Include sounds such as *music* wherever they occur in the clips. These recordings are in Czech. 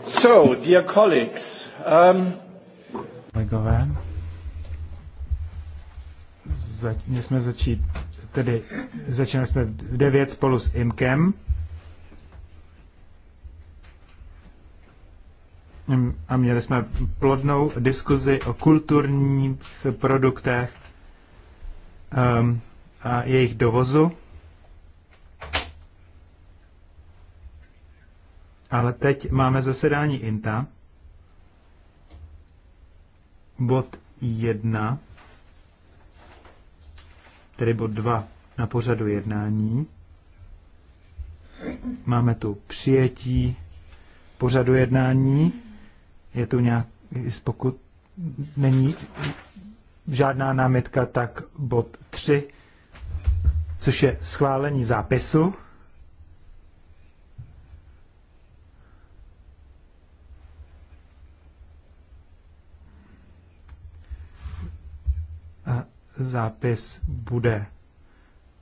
So, dear colleagues, um, Kolegové, začali jsme začít, tedy začali jsme v 9 spolu s Imkem. A měli jsme plodnou diskuzi o kulturních produktech um, a jejich dovozu. Ale teď máme zasedání INTA. Bod 1, tedy bod 2 na pořadu jednání. Máme tu přijetí pořadu jednání. Je tu nějak, pokud není žádná námitka, tak bod 3, což je schválení zápisu zápis bude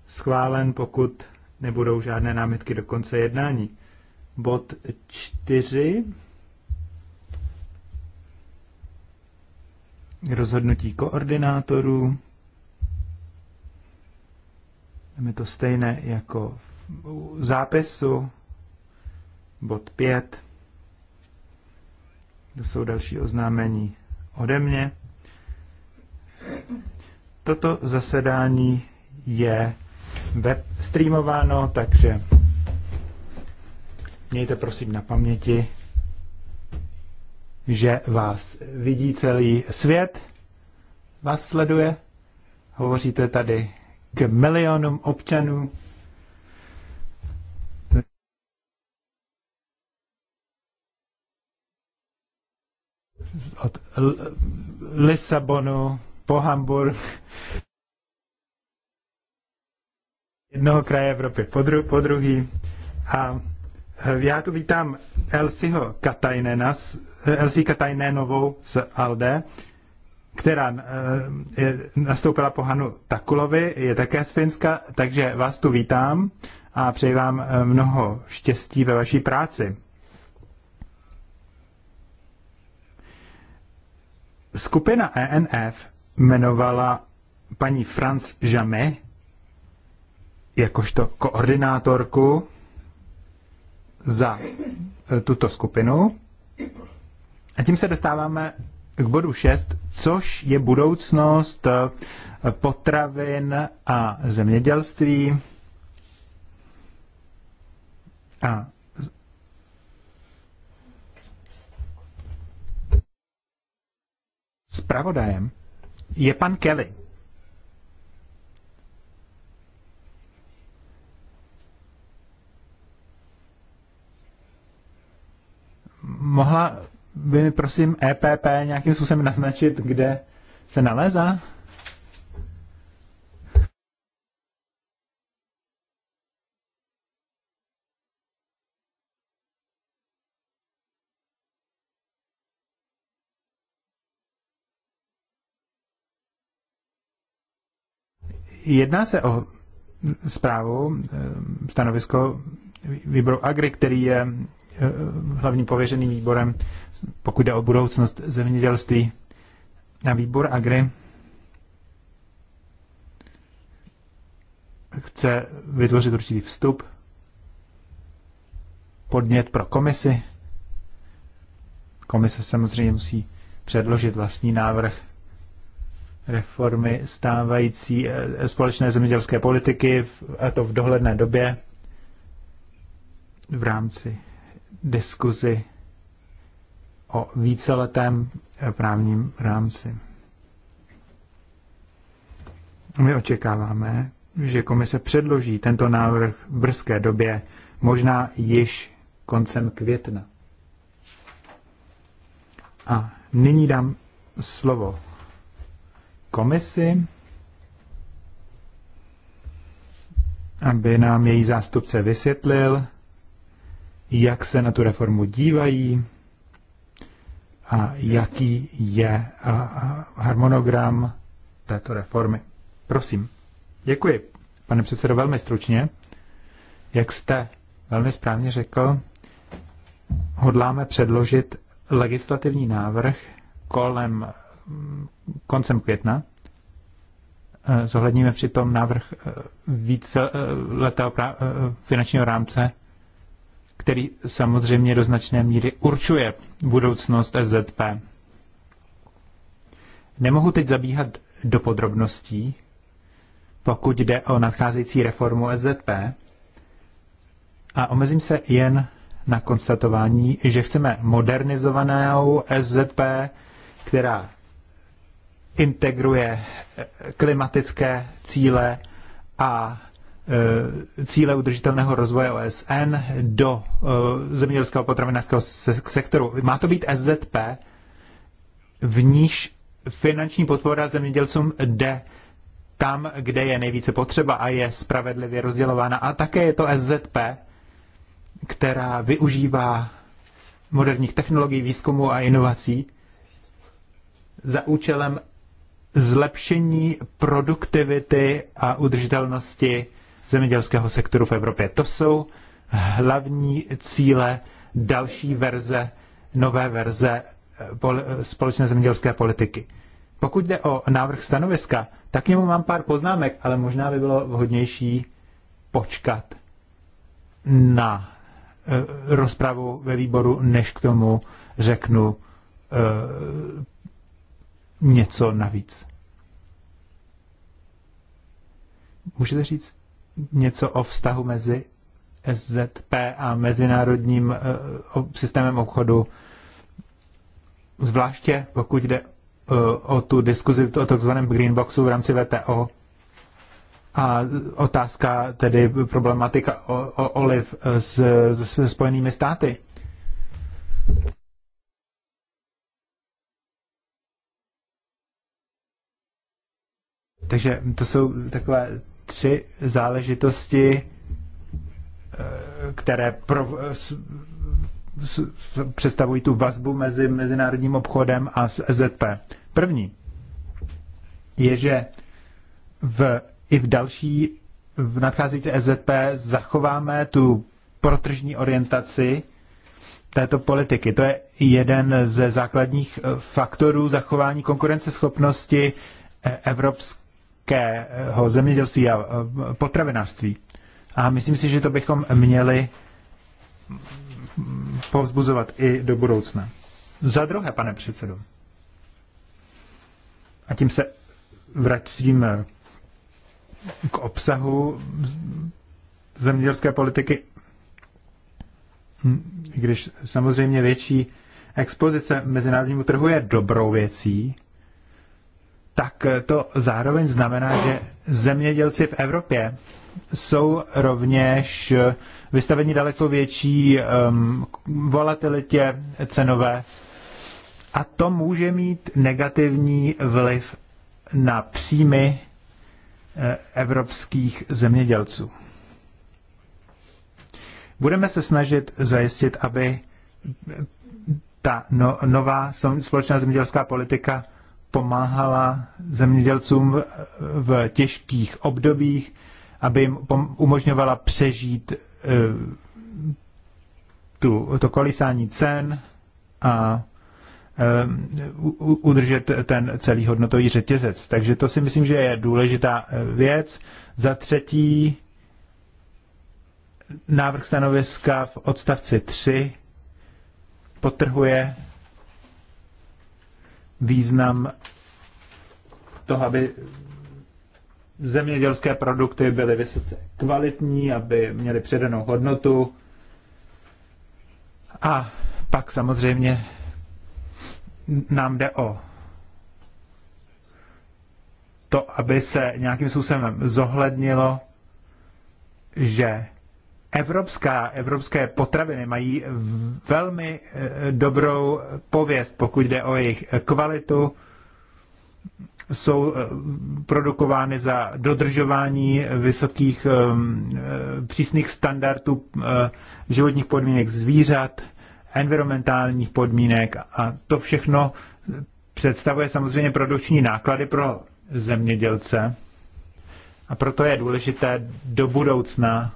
schválen, pokud nebudou žádné námitky do konce jednání. Bod 4. Rozhodnutí koordinátorů. Je to stejné jako v zápisu. Bod 5. To jsou další oznámení ode mě. Toto zasedání je web streamováno, takže mějte prosím na paměti, že vás vidí celý svět, vás sleduje, hovoříte tady k milionům občanů. od Lisabonu po Hamburg, jednoho kraje Evropy po, dru- po druhý. A eh, já tu vítám Elsiho Katajnena, eh, Elsi Katajnenovou z ALDE, která eh, je, nastoupila po Hanu Takulovi, je také z Finska, takže vás tu vítám a přeji vám mnoho štěstí ve vaší práci. Skupina ENF jmenovala paní Franz Jame jakožto koordinátorku za tuto skupinu. A tím se dostáváme k bodu 6, což je budoucnost potravin a zemědělství. A Spravodajem je pan Kelly. Mohla by mi prosím EPP nějakým způsobem naznačit, kde se nalézá? Jedná se o zprávu, eh, stanovisko výboru Agri, který je eh, hlavním pověřeným výborem, pokud jde o budoucnost zemědělství. Na výbor Agri chce vytvořit určitý vstup, podnět pro komisi. Komise samozřejmě musí předložit vlastní návrh reformy stávající eh, společné zemědělské politiky, a to v dohledné době v rámci diskuzi o víceletém eh, právním rámci. My očekáváme, že komise předloží tento návrh v brzké době, možná již koncem května. A nyní dám slovo komisi, aby nám její zástupce vysvětlil, jak se na tu reformu dívají a jaký je harmonogram této reformy. Prosím. Děkuji, pane předsedo, velmi stručně. Jak jste velmi správně řekl, hodláme předložit legislativní návrh kolem koncem května. Eh, zohledníme přitom návrh eh, více letého eh, finančního rámce, který samozřejmě do značné míry určuje budoucnost SZP. Nemohu teď zabíhat do podrobností, pokud jde o nadcházející reformu SZP, a omezím se jen na konstatování, že chceme modernizovanou SZP, která integruje eh, klimatické cíle a eh, cíle udržitelného rozvoje OSN do eh, zemědělského potravinářského sektoru. Má to být SZP, v níž finanční podpora zemědělcům jde tam, kde je nejvíce potřeba a je spravedlivě rozdělována. A také je to SZP, která využívá moderních technologií, výzkumu a inovací za účelem zlepšení produktivity a udržitelnosti zemědělského sektoru v Evropě. To jsou hlavní cíle další verze, nové verze eh, eh, společné zemědělské politiky. Pokud jde o návrh stanoviska, tak němu mám pár poznámek, ale možná by bylo vhodnější počkat na eh, rozpravu ve výboru, než k tomu řeknu něco navíc. Můžete říct něco o vztahu mezi SZP a mezinárodním eh, systémem obchodu, zvláště pokud jde eh, o tu diskuzi o takzvaném greenboxu v rámci VTO a otázka tedy problematika o, o oliv s, s, se Spojenými státy. Takže to jsou takové tři záležitosti, eh, které pro, s, s, s, představují tu vazbu mezi mezinárodním obchodem a SZP. První je, že v, i v další, v nadcházející SZP zachováme tu protržní orientaci této politiky. To je jeden ze základních eh, faktorů zachování konkurenceschopnosti eh, evropské evropského zemědělství a e, potravinářství. A myslím si, že to bychom měli povzbuzovat i do budoucna. Za druhé, pane předsedo, a tím se vracím e, k obsahu zemědělské politiky, hm, když samozřejmě větší expozice mezinárodnímu trhu je dobrou věcí, tak to zároveň znamená, že zemědělci v Evropě jsou rovněž vystaveni daleko větší um, volatilitě cenové a to může mít negativní vliv na příjmy eh, evropských zemědělců. Budeme se snažit zajistit, aby ta no, nová společná zemědělská politika pomáhala zemědělcům v těžkých obdobích, aby jim umožňovala přežít e, tu, to kolísání cen a e, udržet ten celý hodnotový řetězec. Takže to si myslím, že je důležitá e, věc. Za třetí návrh stanoviska v odstavci 3 potrhuje význam toho, aby zemědělské produkty byly vysoce kvalitní, aby měly předanou hodnotu. A pak samozřejmě nám jde o to, aby se nějakým způsobem zohlednilo, že Evropská, evropské potraviny mají velmi eh, dobrou pověst, pokud jde o jejich kvalitu. Jsou eh, produkovány za dodržování vysokých eh, přísných standardů životních podmínek zvířat, environmentálních podmínek a to všechno představuje samozřejmě produkční náklady pro zemědělce. A proto je důležité do budoucna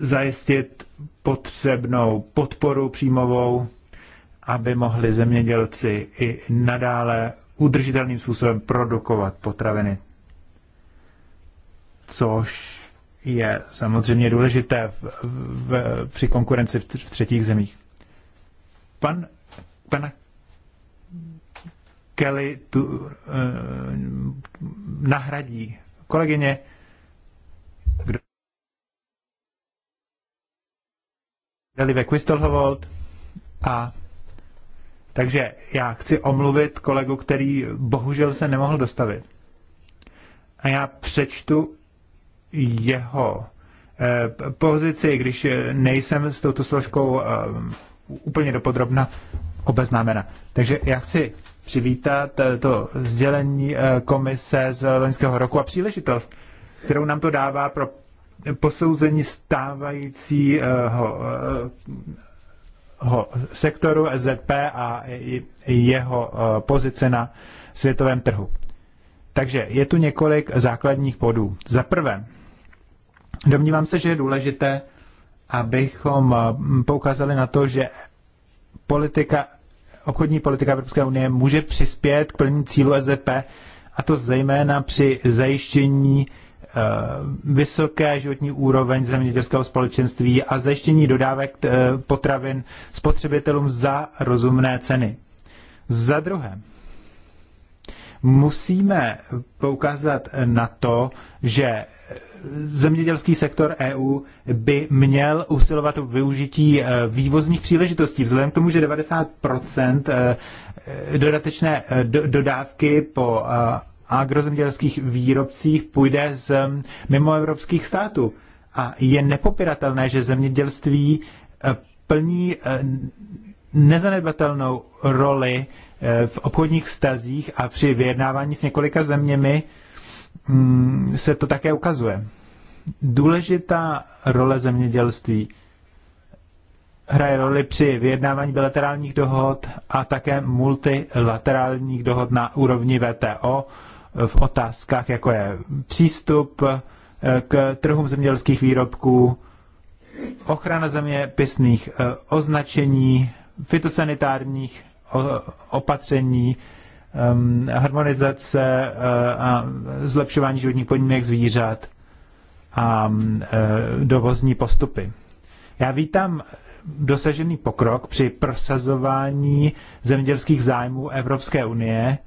zajistit potřebnou podporu příjmovou, aby mohli zemědělci i nadále udržitelným způsobem produkovat potraviny. Což je samozřejmě důležité v, v, při konkurenci v, v třetích zemích. Pan, pana Kelly tu uh, nahradí kolegyně, kdo Dali ve Quistelhovold a takže já chci omluvit kolegu, který bohužel se nemohl dostavit. A já přečtu jeho eh, pozici, když nejsem s touto složkou eh, úplně dopodrobna obeznámena. Takže já chci přivítat eh, to sdělení komise z loňského roku a příležitost, kterou nám to dává pro posouzení stávajícího eh, ho, sektoru SZP a jeho eh, pozice na světovém trhu. Takže je tu několik základních bodů. Za prvé, domnívám se, že je důležité, abychom eh, poukázali na to, že politika, obchodní politika Evropské unie může přispět k plnění cílu SZP, a to zejména při zajištění Eh, vysoké životní úroveň zemědělského společenství a zajištění dodávek eh, potravin spotřebitelům za rozumné ceny. Za druhé, musíme poukázat na to, že zemědělský sektor EU by měl usilovat o využití eh, vývozních příležitostí. Vzhledem k tomu, že 90 dodatečné dodávky po agrozemědělských výrobcích půjde z mimoevropských států. A je nepopiratelné, že zemědělství e, plní e, nezanedbatelnou roli e, v obchodních stazích a při vyjednávání s několika zeměmi mm, se to také ukazuje. Důležitá role zemědělství hraje roli při vyjednávání bilaterálních dohod a také multilaterálních dohod na úrovni VTO v otázkách, jako je přístup eh, k trhům zemědělských výrobků, ochrana zeměpisných eh, označení, fitosanitárních opatření, ehm, harmonizace eh, a zlepšování životních podmínek zvířat a mm, dovozní postupy. Já vítám dosažený pokrok při prosazování zemědělských zájmů Evropské unie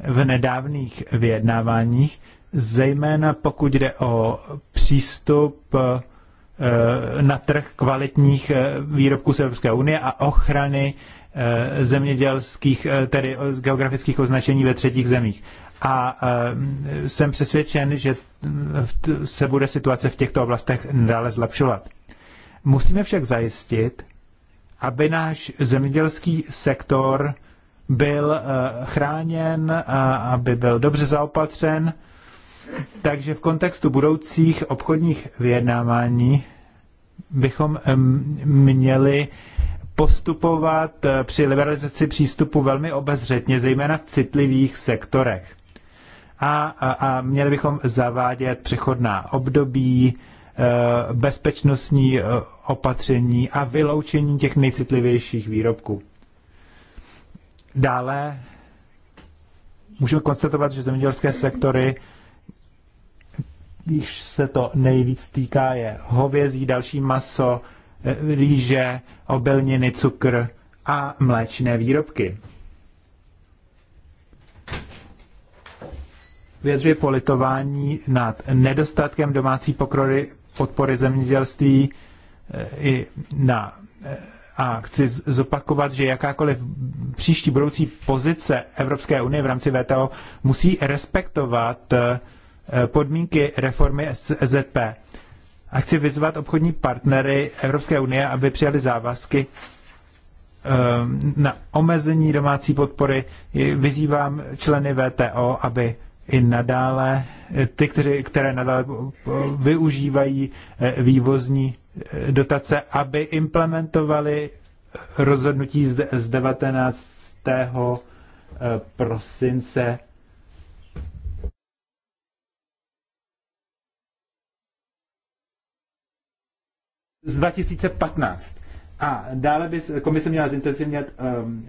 v nedávných vyjednáváních, zejména pokud jde o přístup eh, na trh kvalitních eh, výrobků z Evropské unie a ochrany eh, zemědělských, tedy geografických označení ve třetích zemích. A jsem přesvědčen, že se bude situace v těchto oblastech dále zlepšovat. Musíme však zajistit, aby náš zemědělský sektor byl eh, chráněn a aby byl dobře zaopatřen. Takže v kontextu budoucích obchodních vyjednávání bychom měli postupovat eh, při liberalizaci přístupu velmi obezřetně, zejména v citlivých sektorech. A, a, a měli bychom zavádět přechodná období, eh, bezpečnostní opatření a vyloučení těch nejcitlivějších výrobků. Dále můžeme konstatovat, že zemědělské sektory, když se to nejvíc týká, je hovězí, další maso, rýže, obilniny, cukr a mléčné výrobky. Vyjadřuje politování nad nedostatkem domácí pokrory podpory zemědělství eh, i na eh, a chci zopakovat, že jakákoliv příští budoucí pozice Evropské unie v rámci VTO musí respektovat eh, podmínky reformy ZP. A chci vyzvat obchodní partnery Evropské unie, aby přijali závazky eh, na omezení domácí podpory. Vyzývám členy VTO, aby i nadále, eh, ty, kteři, které nadále eh, využívají eh, vývozní dotace, aby implementovali rozhodnutí z 19. prosince z 2015. A dále by komise měla zintenzivnět ehm,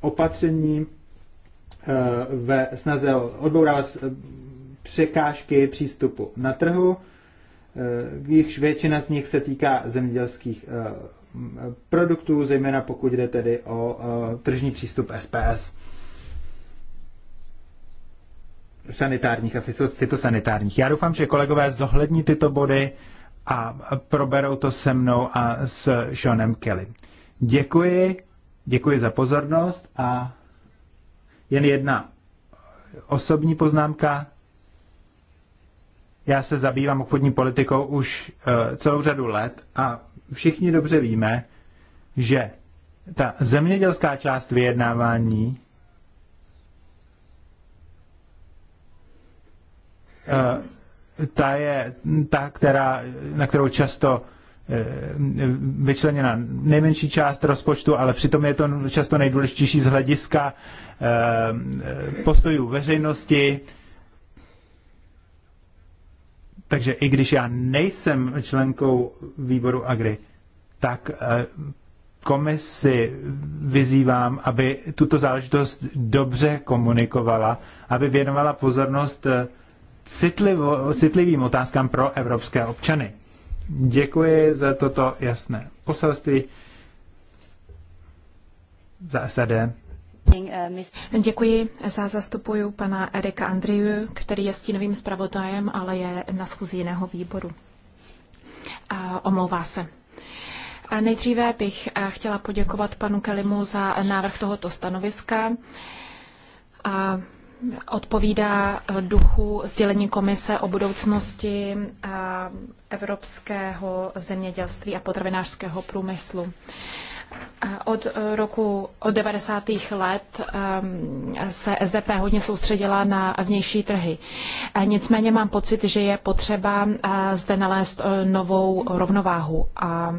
opatření Eh, ve snaze odbourávat eh, překážky přístupu na trhu, eh, jichž většina z nich se týká zemědělských produktů, zejména pokud jde tedy o tržní přístup SPS sanitárních a fytosanitárních. Já doufám, že kolegové zohlední tyto body a proberou to se mnou a s Seanem Kelly. Děkuji, děkuji za pozornost a jen jedna osobní poznámka. Já se zabývám obchodní politikou už eh, celou řadu let a všichni dobře víme, že ta zemědělská část vyjednávání eh, ta je ta, která, na kterou často Eh, vyčleněna nejmenší část rozpočtu, ale přitom je to často nejdůležitější z hlediska eh, postojů veřejnosti. Takže i když já nejsem členkou výboru Agri, tak eh, komisi vyzývám, aby tuto záležitost dobře komunikovala, aby věnovala pozornost citlivo, citlivým otázkám pro evropské občany. Děkuji za toto jasné poselství. Za SAD. Děkuji za zastupuju pana Erika Andriu, který je stínovým zpravodajem, ale je na schůzi jiného výboru. A omlouvá se. A nejdříve bych chtěla poděkovat panu Kelimu za návrh tohoto stanoviska. A odpovídá eh, duchu sdělení komise o budoucnosti eh, evropského zemědělství a potravinářského průmyslu. Eh, od roku od 90. let se SDP hodně soustředila na vnější trhy. Nicméně mám pocit, že je potřeba zde nalézt novou rovnováhu a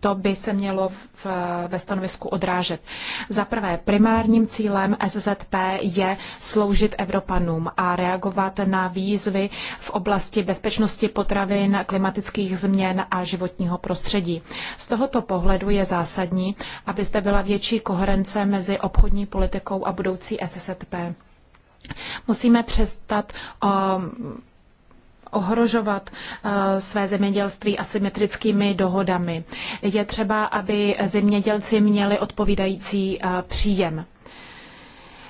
to by se mělo v, ve stanovisku odrážet. Za prvé, primárním cílem SZP je sloužit Evropanům a reagovat na výzvy v oblasti bezpečnosti potravin, klimatických změn a životního prostředí. Z tohoto pohledu je zásadní, aby zde byla větší koherence mezi obchodní politikou a budoucí SZP. Musíme přestat um, ohrožovat eh, své zemědělství asymetrickými dohodami. Je třeba, aby zemědělci měli odpovídající eh, příjem.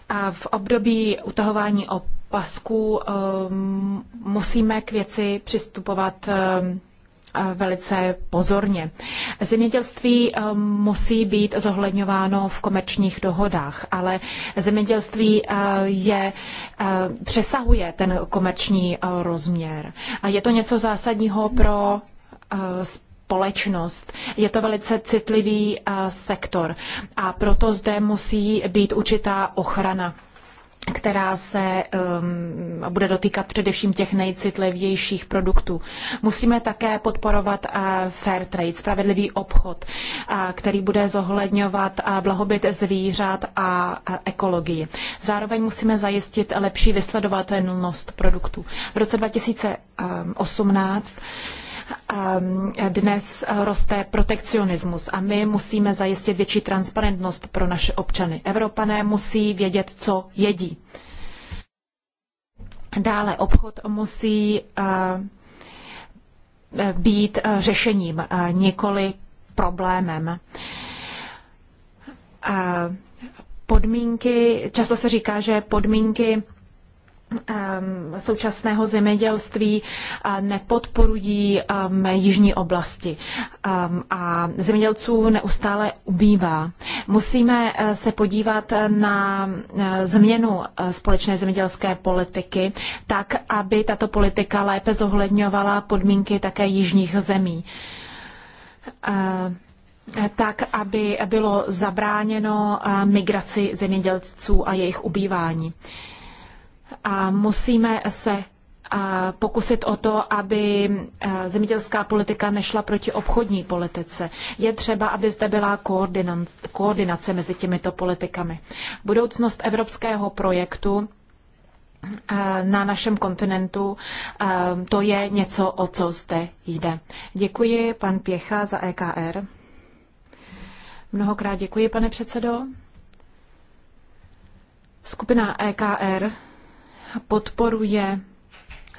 A v období utahování opasků eh, musíme k věci přistupovat Eh, velice pozorně. Zemědělství eh, musí být zohledňováno v komerčních dohodách, ale zemědělství eh, je, přesahuje ten komerční rozměr. A je to něco zásadního pro společnost. Je to velice citlivý sektor a proto zde musí být určitá ochrana která se um, bude dotýkat především těch nejcitlivějších produktů. Musíme také podporovat uh, fair trade, spravedlivý obchod, uh, který bude zohledňovat uh, blahobyt zvířat a uh, ekologii. Zároveň musíme zajistit lepší vysledovatelnost produktů. V roce 2018 Ehm, dnes roste protekcionismus a my musíme zajistit větší transparentnost pro naše občany. Evropané musí vědět, co jedí. Dále obchod musí eh, být eh, řešením, eh, nikoli problémem. Podmínky, často se říká, že podmínky současného zemědělství eh, nepodporují jižní oblasti a zemědělců neustále ubývá. Musíme eh, se podívat na eh, změnu společné zemědělské politiky tak, aby tato politika lépe zohledňovala podmínky také jižních zemí tak, aby bylo zabráněno migraci zemědělců a jejich ubývání. A musíme se pokusit o to, aby zemědělská politika nešla proti obchodní politice. Je třeba, aby zde byla koordinace mezi těmito politikami. Budoucnost evropského projektu na našem kontinentu, to je něco, o co zde jde. Děkuji, pan Pěcha, za EKR. Mnohokrát děkuji, pane předsedo. Skupina EKR podporuje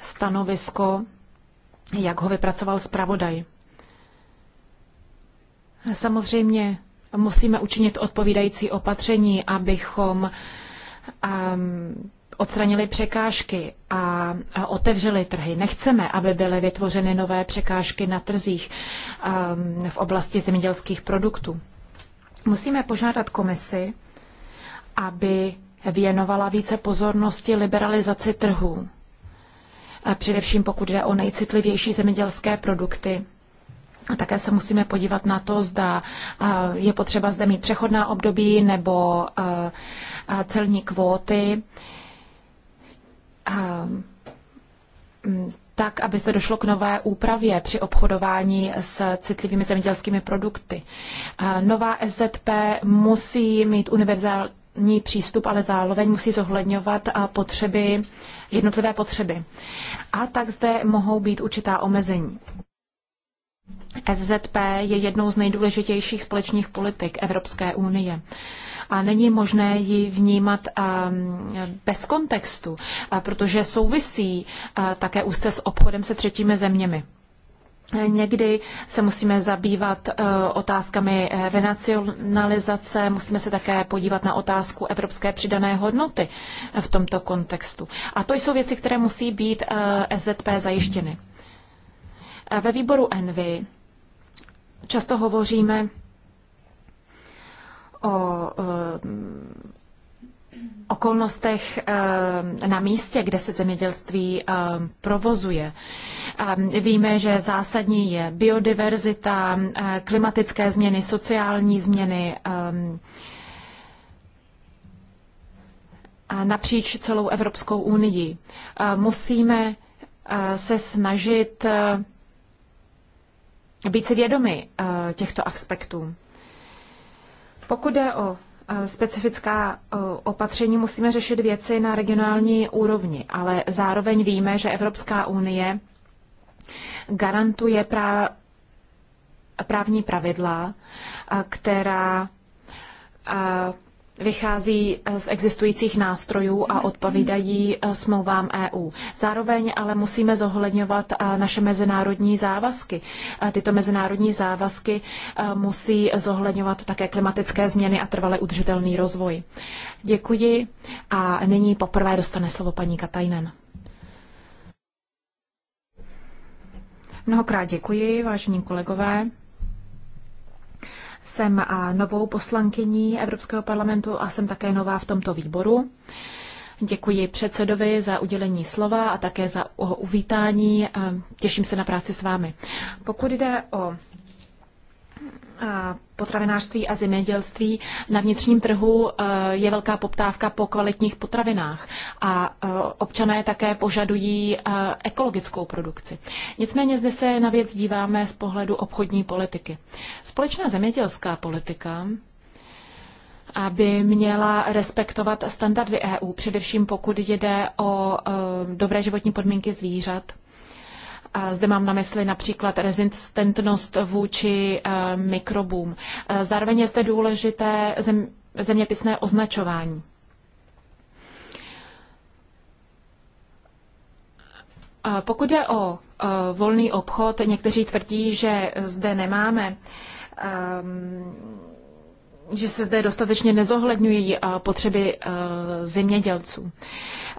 stanovisko, jak ho vypracoval zpravodaj. Samozřejmě musíme učinit odpovídající opatření, abychom um, odstranili překážky a, a otevřeli trhy. Nechceme, aby byly vytvořeny nové překážky na trzích um, v oblasti zemědělských produktů. Musíme požádat komisi, aby věnovala více pozornosti liberalizaci trhů, a především pokud jde o nejcitlivější zemědělské produkty. A také se musíme podívat na to, zda je potřeba zde mít přechodná období nebo celní kvóty, tak, aby zde došlo k nové úpravě při obchodování s citlivými zemědělskými produkty. Nová SZP musí mít univerzální ní přístup, ale zároveň musí zohledňovat potřeby, jednotlivé potřeby. A tak zde mohou být určitá omezení. SZP je jednou z nejdůležitějších společných politik Evropské unie. A není možné ji vnímat ehm, bez kontextu, protože souvisí také úzce s obchodem se třetími zeměmi. Někdy se musíme zabývat eh, otázkami renacionalizace, musíme se také podívat na otázku evropské přidané hodnoty v tomto kontextu. A to jsou věci, které musí být eh, SZP zajištěny. Eh, ve výboru Envy často hovoříme o okolnostech eh, na místě, kde se zemědělství eh, provozuje. Eh, víme, že zásadní je biodiverzita, klimatické změny, sociální změny, napříč celou Evropskou unii. Musíme se snažit být si vědomi těchto aspektů. Pokud jde o Eh, specifická eh, opatření musíme řešit věci na regionální úrovni, ale zároveň víme, že Evropská unie garantuje právní pravidla, eh, která vychází eh, z existujících nástrojů a odpovídají eh, smlouvám EU. Zároveň ale musíme zohledňovat eh, naše mezinárodní závazky. Tyto mezinárodní závazky musí zohledňovat také klimatické změny a trvale udržitelný rozvoj. Děkuji a nyní poprvé dostane slovo paní Katajnen. Mnohokrát děkuji, vážení kolegové. Jsem novou poslankyní Evropského parlamentu a jsem také nová v tomto výboru. Děkuji předsedovi za udělení slova a také za uvítání. Těším se na práci s vámi. Pokud jde o potravinářství a zemědělství. Na vnitřním trhu eh, je velká poptávka po kvalitních potravinách a eh, občané také požadují eh, ekologickou produkci. Nicméně zde se na věc díváme z pohledu obchodní politiky. Společná zemědělská politika aby měla respektovat standardy EU, především pokud jde o dobré životní podmínky zvířat zde mám na mysli například rezistentnost vůči eh, mikrobům. Eh, zároveň je zde důležité zem, zeměpisné označování. Eh, pokud je o volný obchod, někteří tvrdí, že zde nemáme ehm, že se zde dostatečně nezohledňují eh, potřeby eh, zemědělců.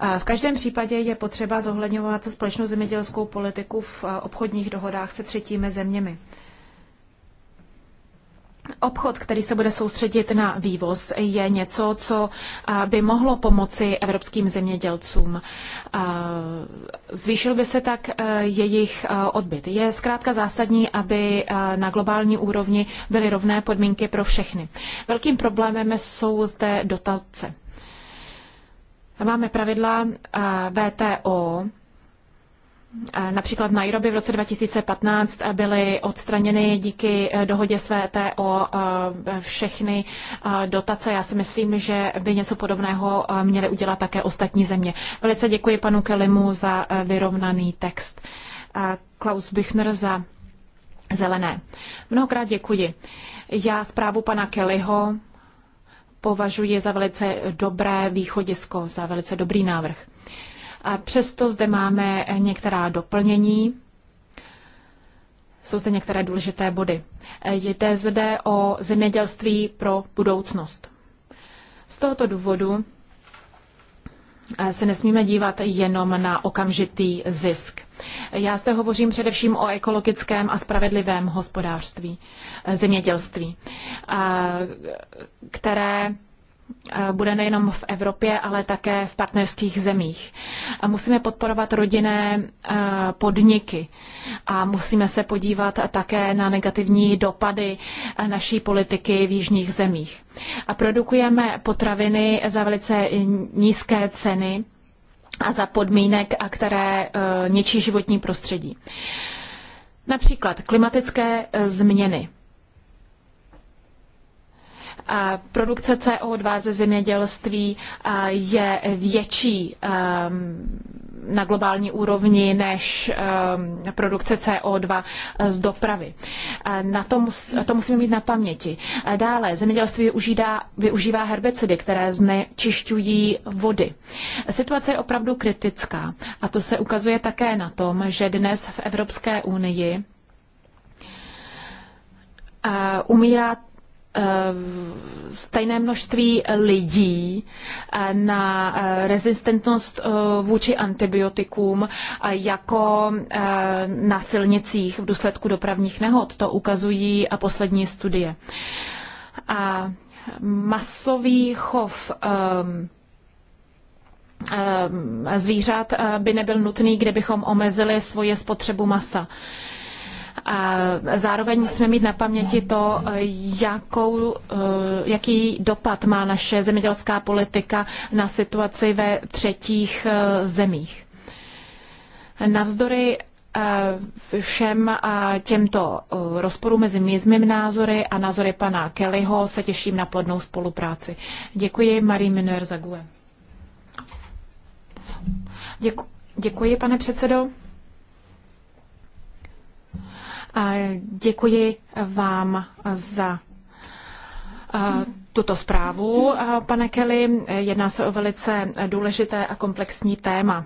Eh, v každém případě je potřeba zohledňovat společnou zemědělskou politiku v obchodních dohodách se třetími zeměmi. Obchod, který se bude soustředit na vývoz, je něco, co by mohlo pomoci evropským zemědělcům. Zvýšil by se tak e, jejich e, odbyt. Je zkrátka zásadní, aby e, na globální úrovni byly rovné podmínky pro všechny. Velkým problémem jsou zde dotace. Máme pravidla VTO, Například v Nairobi v roce 2015 byly odstraněny díky eh, dohodě s VTO eh, všechny eh, dotace. Já si myslím, že by něco podobného měly udělat také ostatní země. Velice děkuji panu Kelimu za vyrovnaný text. Klaus Bichner za zelené. Mnohokrát děkuji. Já zprávu pana Kellyho považuji za velice dobré východisko, za velice dobrý návrh. A přesto zde máme některá doplnění. Jsou zde některé důležité body. Jde zde o zemědělství pro budoucnost. Z tohoto důvodu se nesmíme dívat jenom na okamžitý zisk. Já zde hovořím především o ekologickém a spravedlivém hospodářství, zemědělství, které bude nejenom v Evropě, ale také v partnerských zemích. Musíme podporovat rodinné podniky a musíme se podívat také na negativní dopady naší politiky v jižních zemích. A produkujeme potraviny za velice nízké ceny a za podmínek, a které e, ničí životní prostředí. Například klimatické e, změny produkce CO2 ze zemědělství je větší um, na globální úrovni než um, produkce CO2 z dopravy. Na to, mus, to musíme mít na paměti. Dále zemědělství využívá, využívá herbicidy, které znečišťují vody. Situace je opravdu kritická a to se ukazuje také na tom, že dnes v Evropské unii umírá Eh, stejné množství lidí eh, na eh, rezistentnost vůči antibiotikům jako na silnicích v důsledku dopravních nehod. To ukazují poslední studie. A masový chov zvířat by nebyl nutný, kdybychom omezili svoje spotřebu masa. Zároveň musíme mít na paměti to, jakou, eh, jaký dopad má naše zemědělská politika na situaci ve třetích eh, zemích. Navzdory eh, všem těmto rozporům mezi mými názory a názory pana Kellyho se těším na plodnou spolupráci. Děkuji Marie Miner za Děku, děkuji, pane předsedo. Děkuji vám za tuto zprávu, pane Kelly. Jedná se o velice důležité a komplexní téma.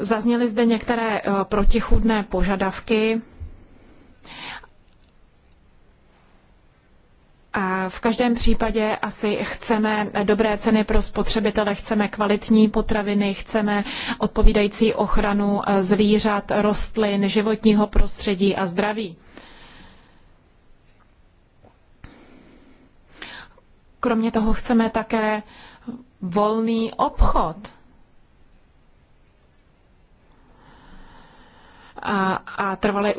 Zazněly zde některé e, protichůdné požadavky A v každém případě asi chceme dobré ceny pro spotřebitele, chceme kvalitní potraviny, chceme odpovídající ochranu eh, zvířat, rostlin, životního prostředí a zdraví. Kromě toho chceme také volný obchod. A, a trvalé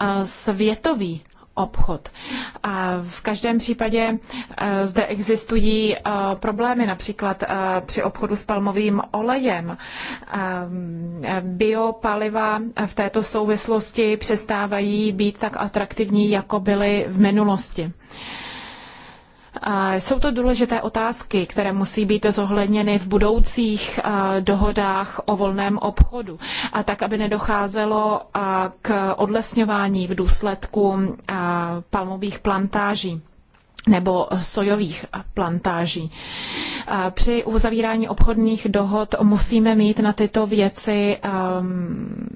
a světový obchod. A v každém případě e, zde existují e, problémy, například e, při obchodu s palmovým olejem. Biopaliva v této souvislosti přestávají být tak atraktivní, jako byly v minulosti. Jsou to důležité otázky, které musí být zohledněny v budoucích dohodách o volném obchodu, a tak, aby nedocházelo k odlesňování v důsledku palmových plantáží nebo sojových plantáží. Při uzavírání obchodních dohod musíme mít na tyto věci um,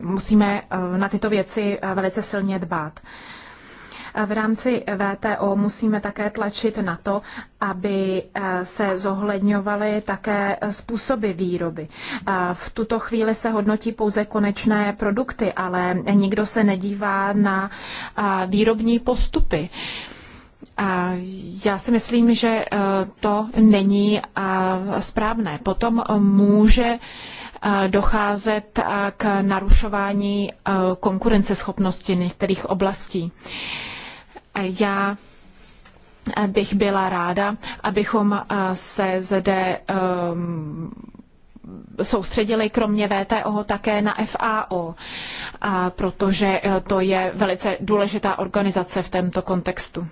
musíme uh, na tyto věci uh, velice silně dbát. V rámci VTO musíme také tlačit na to, aby eh, se zohledňovaly také eh, způsoby výroby. Eh, v tuto chvíli se hodnotí pouze konečné produkty, ale nikdo se nedívá na výrobní postupy. Já si myslím, že to není správné. Potom může docházet k narušování konkurenceschopnosti některých oblastí. Já eh, bych byla ráda, abychom eh, se zde ehm, soustředili kromě VTO také na FAO, protože eh, to je velice důležitá organizace v tomto kontextu.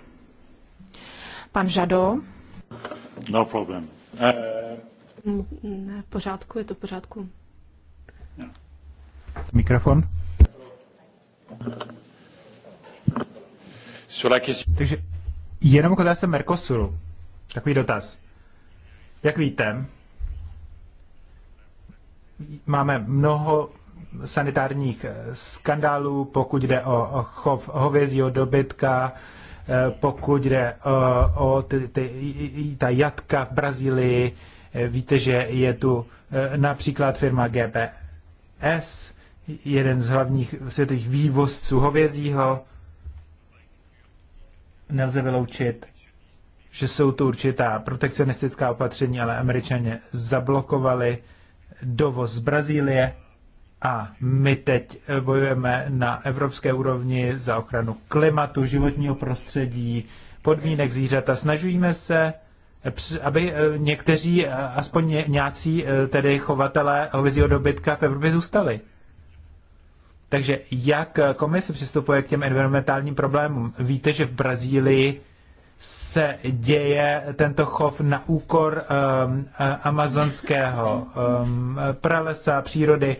Pan Žado. No problem. Ne, pořádku, je to pořádku. No. Mikrofon. Takže jenom k otázce Mercosuru. Takový dotaz. Jak víte, máme mnoho sanitárních eh, skandálů, pokud jde o chov hovězího dobytka, eh, pokud jde o, eh, o ty, ty, ta jatka v Brazílii. Víte, že je tu například firma GPS, jeden z hlavních světových vývozců hovězího, nelze vyloučit, že jsou to určitá protekcionistická opatření, ale američané zablokovali dovoz z Brazílie a my teď eh, bojujeme na evropské úrovni za ochranu klimatu, životního prostředí, podmínek zvířata. snažíme se, eh, aby eh, někteří, aspoň nějací tedy chovatelé hovězího dobytka v Evropě zůstali. Takže jak komise přistupuje k těm environmentálním problémům? Víte, že v Brazílii se děje tento chov na úkor um, eh, amazonského um, pralesa, přírody.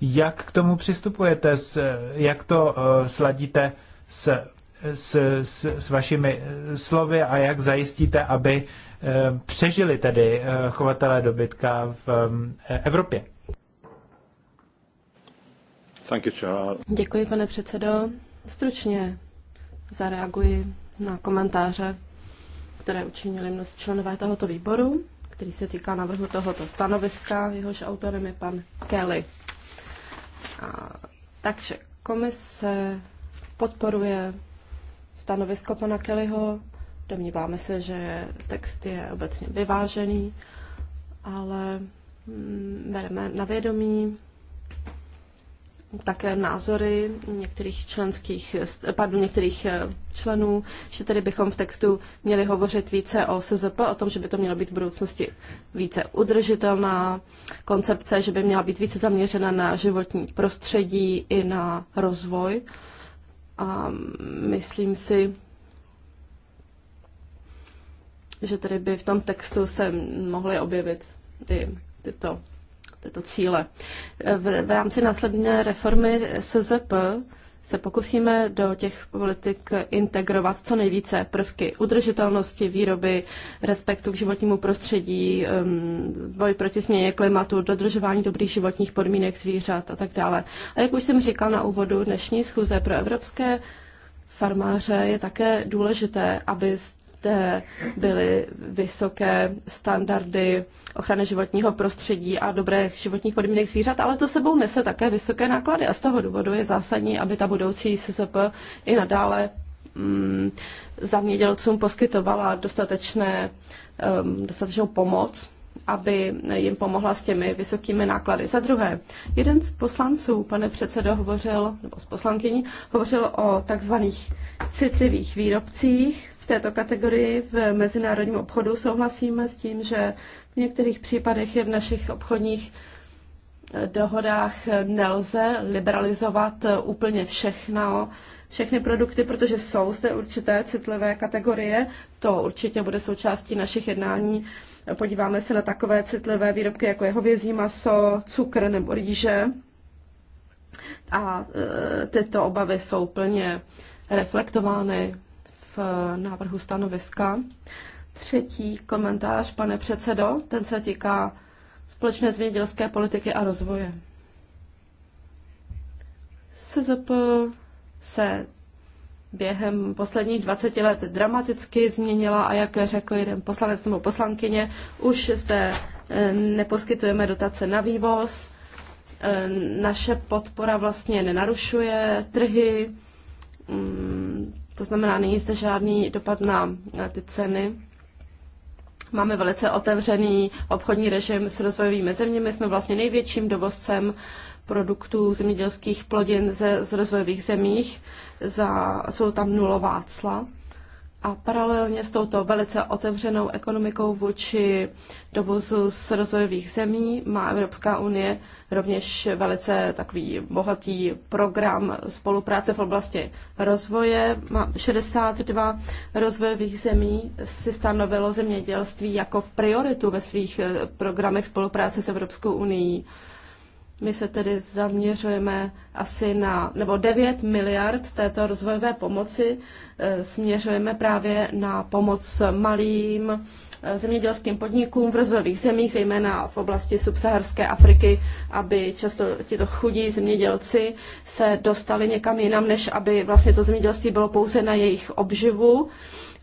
Jak k tomu přistupujete, s, jak to uh, sladíte s, s, s, s vašimi eh, slovy a jak zajistíte, aby uh, přežili tedy uh, chovatelé dobytka v um, Evropě? Děkuji, pane předsedo. Stručně zareaguji na komentáře, které učinili mnozí členové tohoto výboru, který se týká návrhu tohoto stanoviska. Jehož autorem je pan Kelly. A, takže komise podporuje stanovisko pana Kellyho. Domníváme se, že text je obecně vyvážený, ale mm, bereme na vědomí také názory některých členských, pardon, některých eh, členů, že tedy bychom v textu měli hovořit více o SZP, o tom, že by to mělo být v budoucnosti více udržitelná koncepce, že by měla být více zaměřena na životní prostředí i na rozvoj. A myslím si, že tedy by v tom textu se mohly objevit ty, tyto tyto cíle. V, v rámci následné reformy SZP se pokusíme do těch politik integrovat co nejvíce prvky udržitelnosti výroby, respektu k životnímu prostředí, boj proti změně klimatu, dodržování dobrých životních podmínek zvířat a tak dále. A jak už jsem říkal na úvodu, dnešní schůze pro evropské farmáře je také důležité, aby zde eh, byly vysoké standardy ochrany životního prostředí a dobrých životních podmínek zvířat, ale to sebou nese také vysoké náklady a z toho důvodu je zásadní, aby ta budoucí SZP i nadále mm, zamědělcům poskytovala dostatečné, um, dostatečnou pomoc aby jim pomohla s těmi vysokými náklady. Za druhé, jeden z poslanců, pane předsedo, hovořil, nebo z poslankyní, hovořil o takzvaných citlivých výrobcích v této kategorii v mezinárodním obchodu. Souhlasíme s tím, že v některých případech je v našich obchodních eh, dohodách eh, nelze liberalizovat eh, úplně všechno, všechny produkty, protože jsou zde určité citlivé kategorie. To určitě bude součástí našich jednání. Podíváme se na takové citlivé výrobky, jako je hovězí maso, cukr nebo rýže. A tyto obavy jsou plně reflektovány Eh, návrhu stanoviska. Třetí komentář, pane předsedo, ten se týká společné zemědělské politiky a rozvoje. SZP se během posledních 20 let dramaticky změnila a jak řekl jeden poslanec nebo poslankyně, už zde eh, neposkytujeme dotace na vývoz, eh, naše podpora vlastně nenarušuje trhy, mm, to znamená, není zde žádný dopad na, na ty ceny. Máme velice otevřený obchodní režim s rozvojovými zeměmi. Jsme vlastně největším dovozcem produktů zemědělských plodin ze, z rozvojových zemích. Za, jsou tam nulová cla a paralelně s touto velice otevřenou ekonomikou vůči dovozu z rozvojových zemí má Evropská unie rovněž velice takový bohatý program spolupráce v oblasti rozvoje. Má 62 rozvojových zemí si stanovilo zemědělství jako prioritu ve svých eh, programech spolupráce s Evropskou unii. My se tedy zaměřujeme asi na, nebo 9 miliard této rozvojové pomoci eh, směřujeme právě na pomoc malým eh, zemědělským podnikům v rozvojových zemích, zejména v oblasti subsaharské Afriky, aby často tito chudí zemědělci se dostali někam jinam, než aby vlastně to zemědělství bylo pouze na jejich obživu,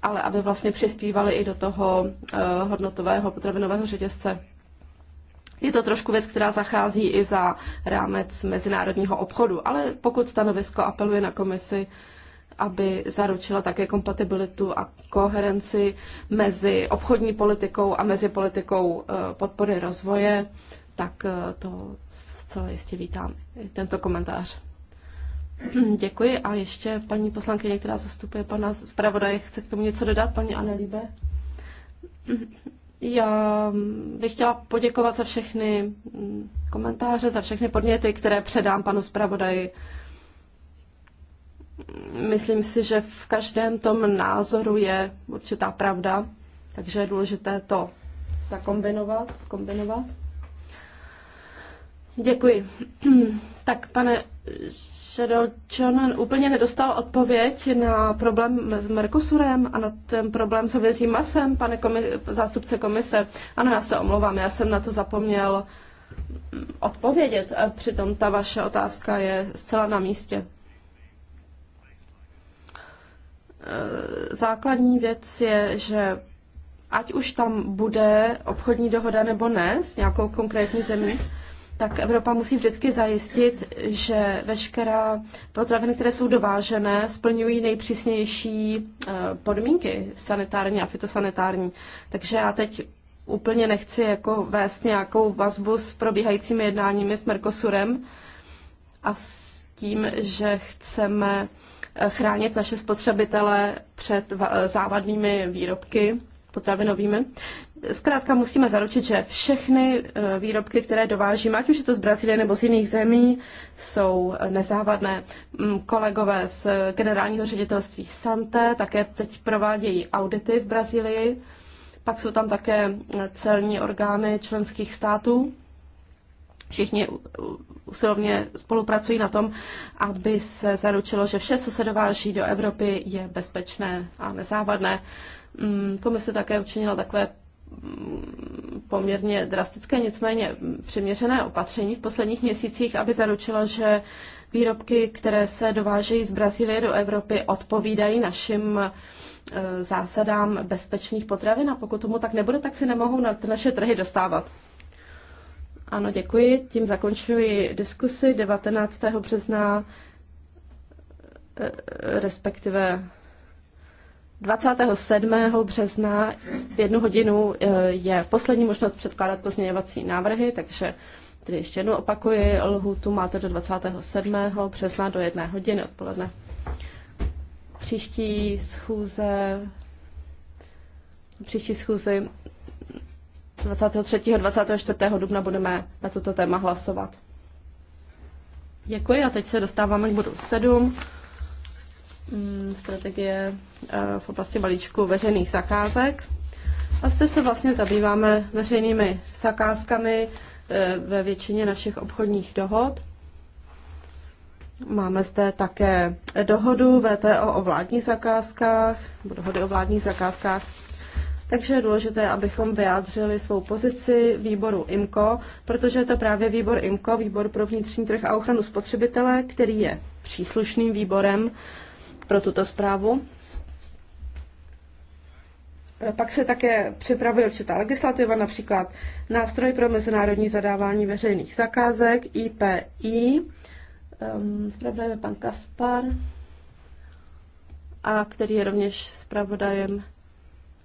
ale aby vlastně přispívali i do toho eh, hodnotového potravinového řetězce. Je to trošku věc, která zachází i za rámec mezinárodního obchodu, ale pokud stanovisko apeluje na komisi, aby zaručila také kompatibilitu a koherenci mezi obchodní politikou a mezi politikou eh, podpory rozvoje, tak eh, to zcela jistě vítám, tento komentář. *clears throat* Děkuji a ještě paní poslankyně, která zastupuje pana zpravodaje, chce k tomu něco dodat, paní Anelíbe? *clears throat* Já bych chtěla poděkovat za všechny mm, komentáře, za všechny podněty, které předám panu zpravodaji. Myslím si, že v každém tom názoru je určitá pravda, takže je důležité to zakombinovat, zkombinovat. Děkuji. *clears throat* tak, pane Shadow John úplně nedostal odpověď na problém s Mercosurem a na ten problém s vězím masem, pane komi- zástupce komise. Ano, já se omlouvám, já jsem na to zapomněl mm, odpovědět, a přitom ta vaše otázka je zcela na místě. E, základní věc je, že ať už tam bude obchodní dohoda nebo ne s nějakou konkrétní zemí, tak Evropa musí vždycky zajistit, že veškerá potraviny, které jsou dovážené, splňují nejpřísnější eh, podmínky sanitární a fitosanitární. Takže já teď úplně nechci jako vést nějakou vazbu s probíhajícími jednáními s Mercosurem a s tím, že chceme eh, chránit naše spotřebitele před eh, závadnými výrobky potravinovými. Zkrátka musíme zaručit, že všechny eh, výrobky, které dovážíme, ať už je to z Brazílie nebo z jiných zemí, jsou eh, nezávadné. Mm, kolegové z generálního ředitelství Sante také teď provádějí audity v Brazílii. Pak jsou tam také eh, celní orgány členských států. Všichni usilovně spolupracují na tom, aby se zaručilo, že vše, co se dováží do Evropy, je bezpečné a nezávadné. Mm, komise také učinila takové poměrně drastické, nicméně přiměřené opatření v posledních měsících, aby zaručilo, že výrobky, které se dovážejí z Brazílie do Evropy, odpovídají našim e, zásadám bezpečných potravin a pokud tomu tak nebude, tak si nemohou na naše trhy dostávat. Ano, děkuji. Tím zakončuji diskusi 19. března, e, e, respektive 27. března v jednu hodinu eh, je poslední možnost předkládat pozměňovací návrhy, takže tedy ještě jednou opakuji, lhůtu máte do 27. března do jedné hodiny odpoledne. Příští schůze příští schůzi 23. 24. dubna budeme na toto téma hlasovat. Děkuji a teď se dostáváme k bodu 7. Mm, strategie eh, v oblasti balíčku veřejných zakázek. A zde se vlastně zabýváme veřejnými zakázkami eh, ve většině našich obchodních dohod. Máme zde také dohodu VTO o vládních zakázkách, nebo dohody o vládních zakázkách. Takže je důležité, abychom vyjádřili svou pozici výboru IMCO, protože je to právě výbor IMCO, výbor pro vnitřní trh a ochranu spotřebitele, který je příslušným výborem pro tuto zprávu. E, pak se také připravuje určitá legislativa, například nástroj pro mezinárodní zadávání veřejných zakázek, IPI, ehm, Zpravodajem pan Kaspar, a který je rovněž zpravodajem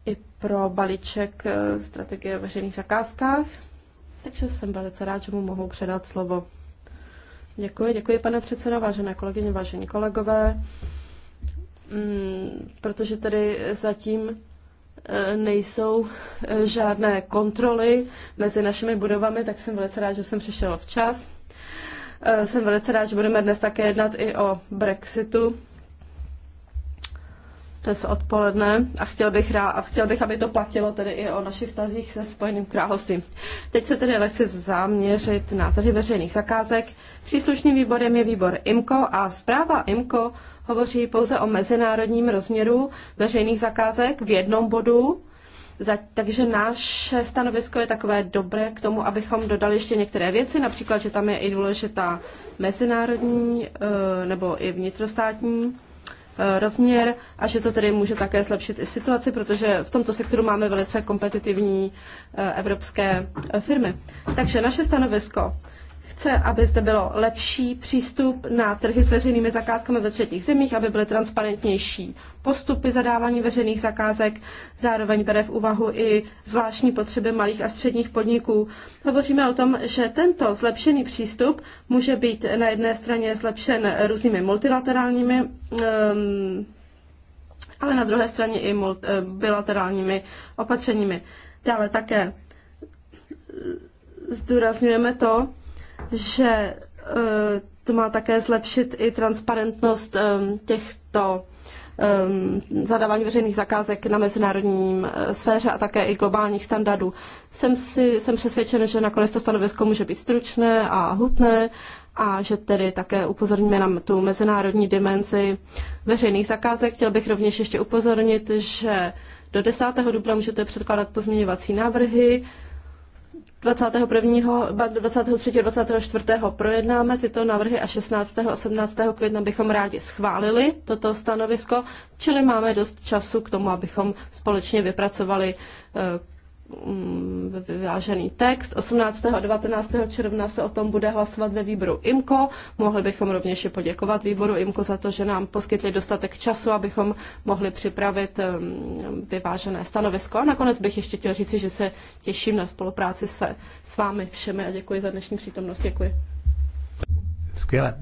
i pro balíček e, strategie o veřejných zakázkách. Takže jsem velice rád, že mu mohu předat slovo. Děkuji, děkuji pane předsedo, vážené kolegyně, vážení kolegové. Mm, protože tady zatím e, nejsou e, žádné kontroly mezi našimi budovami, tak jsem velice rád, že jsem přišel včas. E, jsem velice rád, že budeme dnes také jednat i o Brexitu dnes odpoledne a chtěl bych, rá, a chtěl bych, aby to platilo tedy i o našich vztazích se Spojeným královstvím. Teď se tedy lehce zaměřit na trhy veřejných zakázek. Příslušným výborem je výbor IMCO a zpráva IMCO hovoří pouze o mezinárodním rozměru veřejných zakázek v jednom bodu, takže naše stanovisko je takové dobré k tomu, abychom dodali ještě některé věci, například, že tam je i důležitá mezinárodní eh, nebo i vnitrostátní eh, rozměr a že to tedy může také zlepšit i situaci, protože v tomto sektoru máme velice kompetitivní eh, evropské firmy. Takže naše stanovisko Chce, aby zde bylo lepší přístup na trhy s veřejnými zakázkami ve třetích zemích, aby byly transparentnější postupy zadávání veřejných zakázek. Zároveň bere v úvahu i zvláštní potřeby malých a středních podniků. Hovoříme o tom, že tento zlepšený přístup může být na jedné straně zlepšen různými multilaterálními ehm, ale na druhé straně i eh, bilaterálními opatřeními. Dále také zdůrazňujeme to, že eh, to má také zlepšit i transparentnost eh, těchto eh, zadávání veřejných zakázek na mezinárodním sféře a také i globálních standardů. Jsem, si, jsem přesvědčen, že nakonec to stanovisko může být stručné a hutné a že tedy také upozorníme na tu mezinárodní dimenzi veřejných zakázek. Chtěl bych rovněž ještě upozornit, že do 10. dubna můžete předkládat pozměňovací návrhy. 21. 23. 24. projednáme tyto návrhy a 16. a 17. května bychom rádi schválili toto stanovisko, čili máme dost času k tomu, abychom společně vypracovali eh, Mm, vyvážený text. 18. a 19. června se o tom bude hlasovat ve výboru IMKO. Mohli bychom rovněž i poděkovat výboru IMKO za to, že nám poskytli dostatek času, abychom mohli připravit mm, vyvážené stanovisko. A nakonec bych ještě chtěl říci, že se těším na spolupráci se s vámi všemi a děkuji za dnešní přítomnost. Děkuji. Skvěle.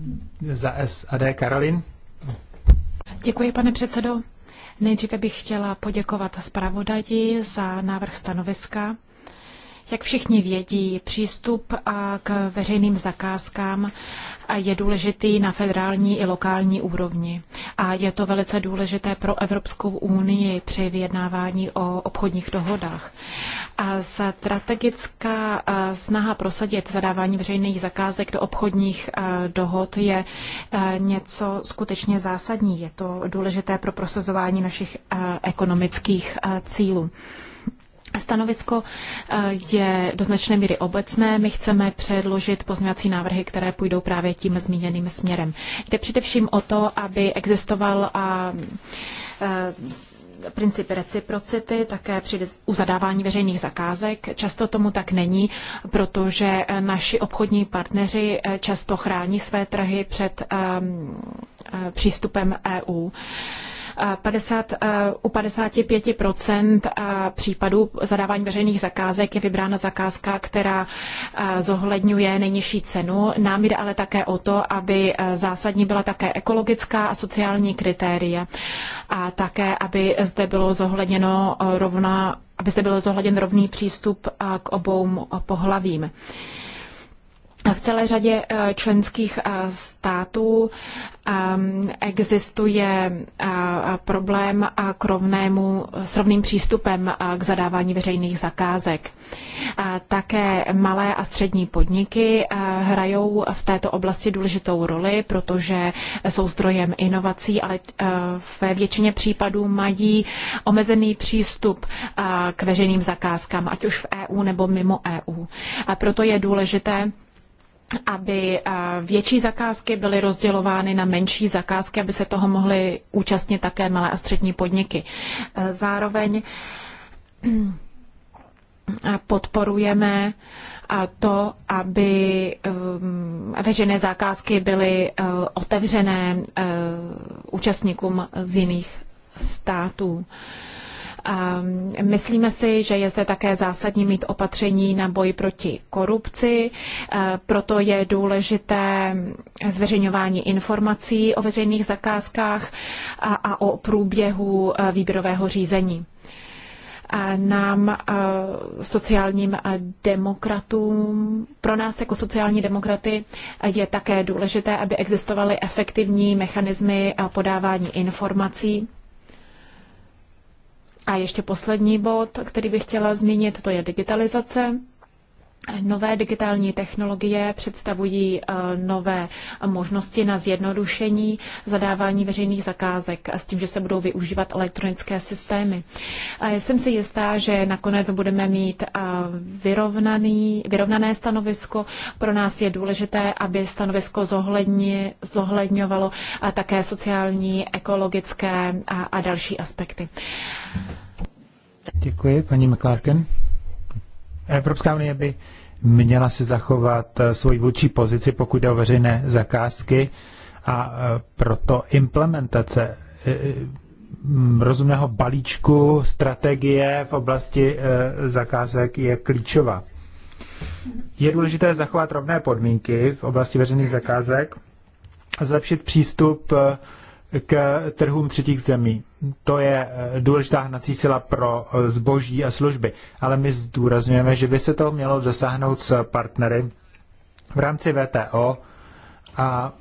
Za SAD Karolin. Děkuji, pane předsedo. Nejdříve bych chtěla poděkovat zpravodaji za návrh stanoviska. Jak všichni vědí, přístup k veřejným zakázkám je důležitý na federální i lokální úrovni. A je to velice důležité pro Evropskou unii při vyjednávání o obchodních dohodách. A strategická snaha prosadit zadávání veřejných zakázek do obchodních dohod je něco skutečně zásadní. Je to důležité pro prosazování našich ekonomických cílů. Stanovisko eh, je do značné míry obecné. My chceme předložit pozměňovací návrhy, které půjdou právě tím zmíněným směrem. Jde především o to, aby existoval a, a, eh, princip reciprocity také při uzadávání veřejných zakázek. Často tomu tak není, protože eh, naši obchodní partneři často chrání své trhy před přístupem EU. 50, eh, u 55 eh, případů zadávání veřejných zakázek je vybrána zakázka, která eh, zohledňuje nejnižší cenu. Nám jde ale také o to, aby zásadní byla také ekologická a sociální kritéria a také, aby zde bylo zohledněno rovna, aby zde byl zohledněn rovný přístup k obou pohlavím. V celé řadě eh, členských eh, států eh, existuje problém k, rovnému, s rovným přístupem k zadávání veřejných zakázek. Také malé a střední podniky hrajou v této oblasti důležitou roli, protože jsou zdrojem inovací, ale ve většině případů mají omezený přístup k veřejným zakázkám, ať už v EU nebo mimo EU. A proto je důležité, aby eh, větší zakázky byly rozdělovány na menší zakázky, aby se toho mohly účastnit také malé a střední podniky. Eh, zároveň eh, podporujeme to, aby veřejné zakázky byly otevřené účastníkům z jiných států. Myslíme si, že je zde také zásadní mít opatření na boj proti korupci, e, proto je důležité zveřejňování informací o veřejných zakázkách a o průběhu e, výběrového řízení nám e, sociálním demokratům, pro nás jako sociální demokraty je také důležité, aby existovaly efektivní mechanismy podávání informací a ještě poslední bod, který bych chtěla zmínit, to je digitalizace. Nové digitální technologie představují eh, nové možnosti na zjednodušení zadávání veřejných zakázek a s tím, že se budou využívat elektronické systémy. Jsem si jistá, že nakonec budeme mít eh, vyrovnaný, vyrovnané stanovisko. Pro nás je důležité, aby stanovisko zohledně, zohledňovalo eh, také sociální, ekologické a, a další aspekty. Děkuji, paní McClarken. Evropská unie by měla si zachovat eh, svoji vůči pozici, pokud jde o veřejné zakázky a eh, proto implementace eh, rozumného balíčku strategie v oblasti zakázek je klíčová. Je důležité zachovat rovné podmínky v oblasti veřejných zakázek, zlepšit přístup k trhům třetích zemí. To je eh, důležitá hnací sila pro eh, zboží a služby, ale my zdůrazňujeme, že by se to mělo dosáhnout s partnery v rámci VTO a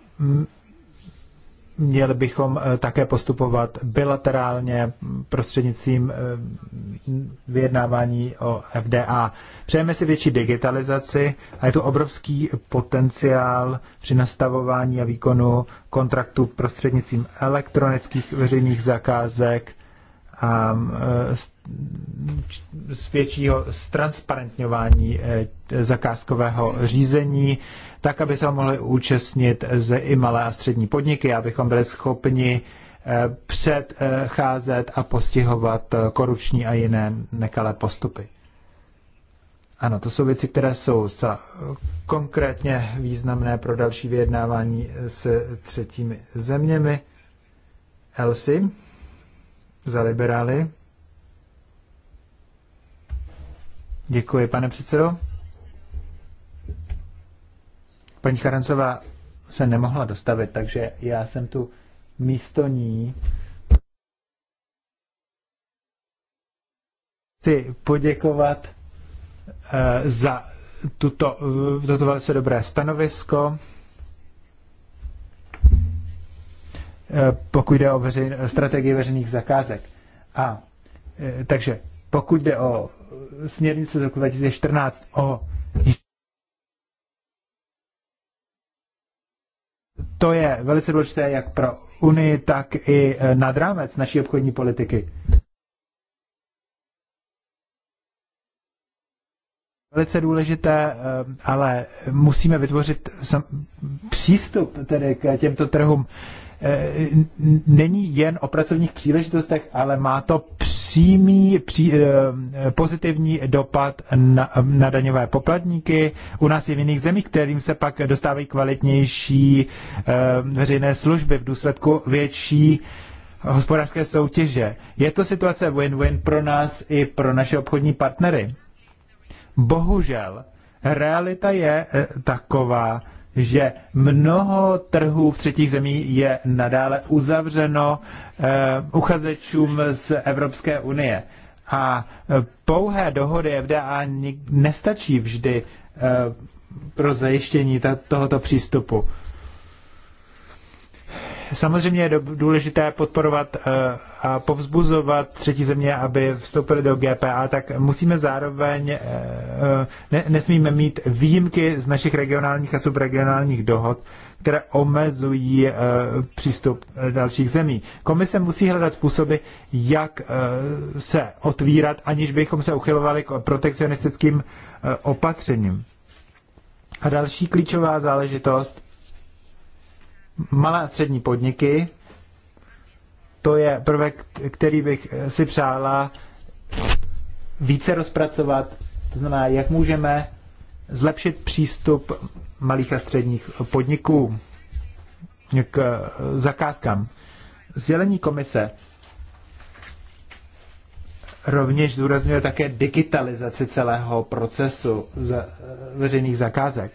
měli bychom eh, také postupovat bilaterálně prostřednictvím eh, vyjednávání o FDA. Přejeme si větší digitalizaci a je tu obrovský potenciál při nastavování a výkonu kontraktu prostřednictvím elektronických veřejných zakázek a z eh, většího ztransparentňování zakázkového řízení, tak aby se mohly účastnit ze i malé a střední podniky, abychom byli schopni eh, předcházet a postihovat eh, korupční a jiné nekalé postupy. Ano, to jsou věci, které jsou eh, konkrétně významné pro další vyjednávání s třetími zeměmi. Elsi za liberály. Děkuji, pane předsedo. Paní Charancová se nemohla dostavit, takže já jsem tu místo ní. Chci poděkovat eh, za tuto, eh, toto velice dobré stanovisko. Eh, pokud jde o veřej, strategii veřejných zakázek. A takže pokud jde o směrnice z roku 2014 o to je velice důležité jak pro Unii, tak i e, nad rámec naší obchodní politiky. Velice důležité, e, ale musíme vytvořit přístup tedy k těmto trhům. E, není jen o pracovních příležitostech, ale má to přímý pří, eh, pozitivní dopad na, na daňové poplatníky. U nás i v jiných zemích, kterým se pak dostávají kvalitnější eh, veřejné služby v důsledku větší hospodářské soutěže. Je to situace win-win pro nás i pro naše obchodní partnery. Bohužel, realita je eh, taková, že mnoho trhů v třetích zemí je nadále uzavřeno eh, uchazečům z Evropské unie. A eh, pouhé dohody FDA nestačí vždy eh, pro zajištění tohoto přístupu. Samozřejmě je důležité podporovat eh, a povzbuzovat třetí země, aby vstoupily do GPA, tak musíme zároveň, eh, eh, ne, nesmíme mít výjimky z našich regionálních a subregionálních dohod, které omezují přístup dalších zemí. Komise musí hledat způsoby, jak se otvírat, aniž bychom se uchylovali k protekcionistickým opatřením. A další klíčová záležitost Malé a střední podniky, to je prvek, který bych si přála více rozpracovat. To znamená, jak můžeme zlepšit přístup malých a středních podniků k zakázkám. Sdělení komise rovněž zdůrazňuje také digitalizaci celého procesu veřejných zakázek.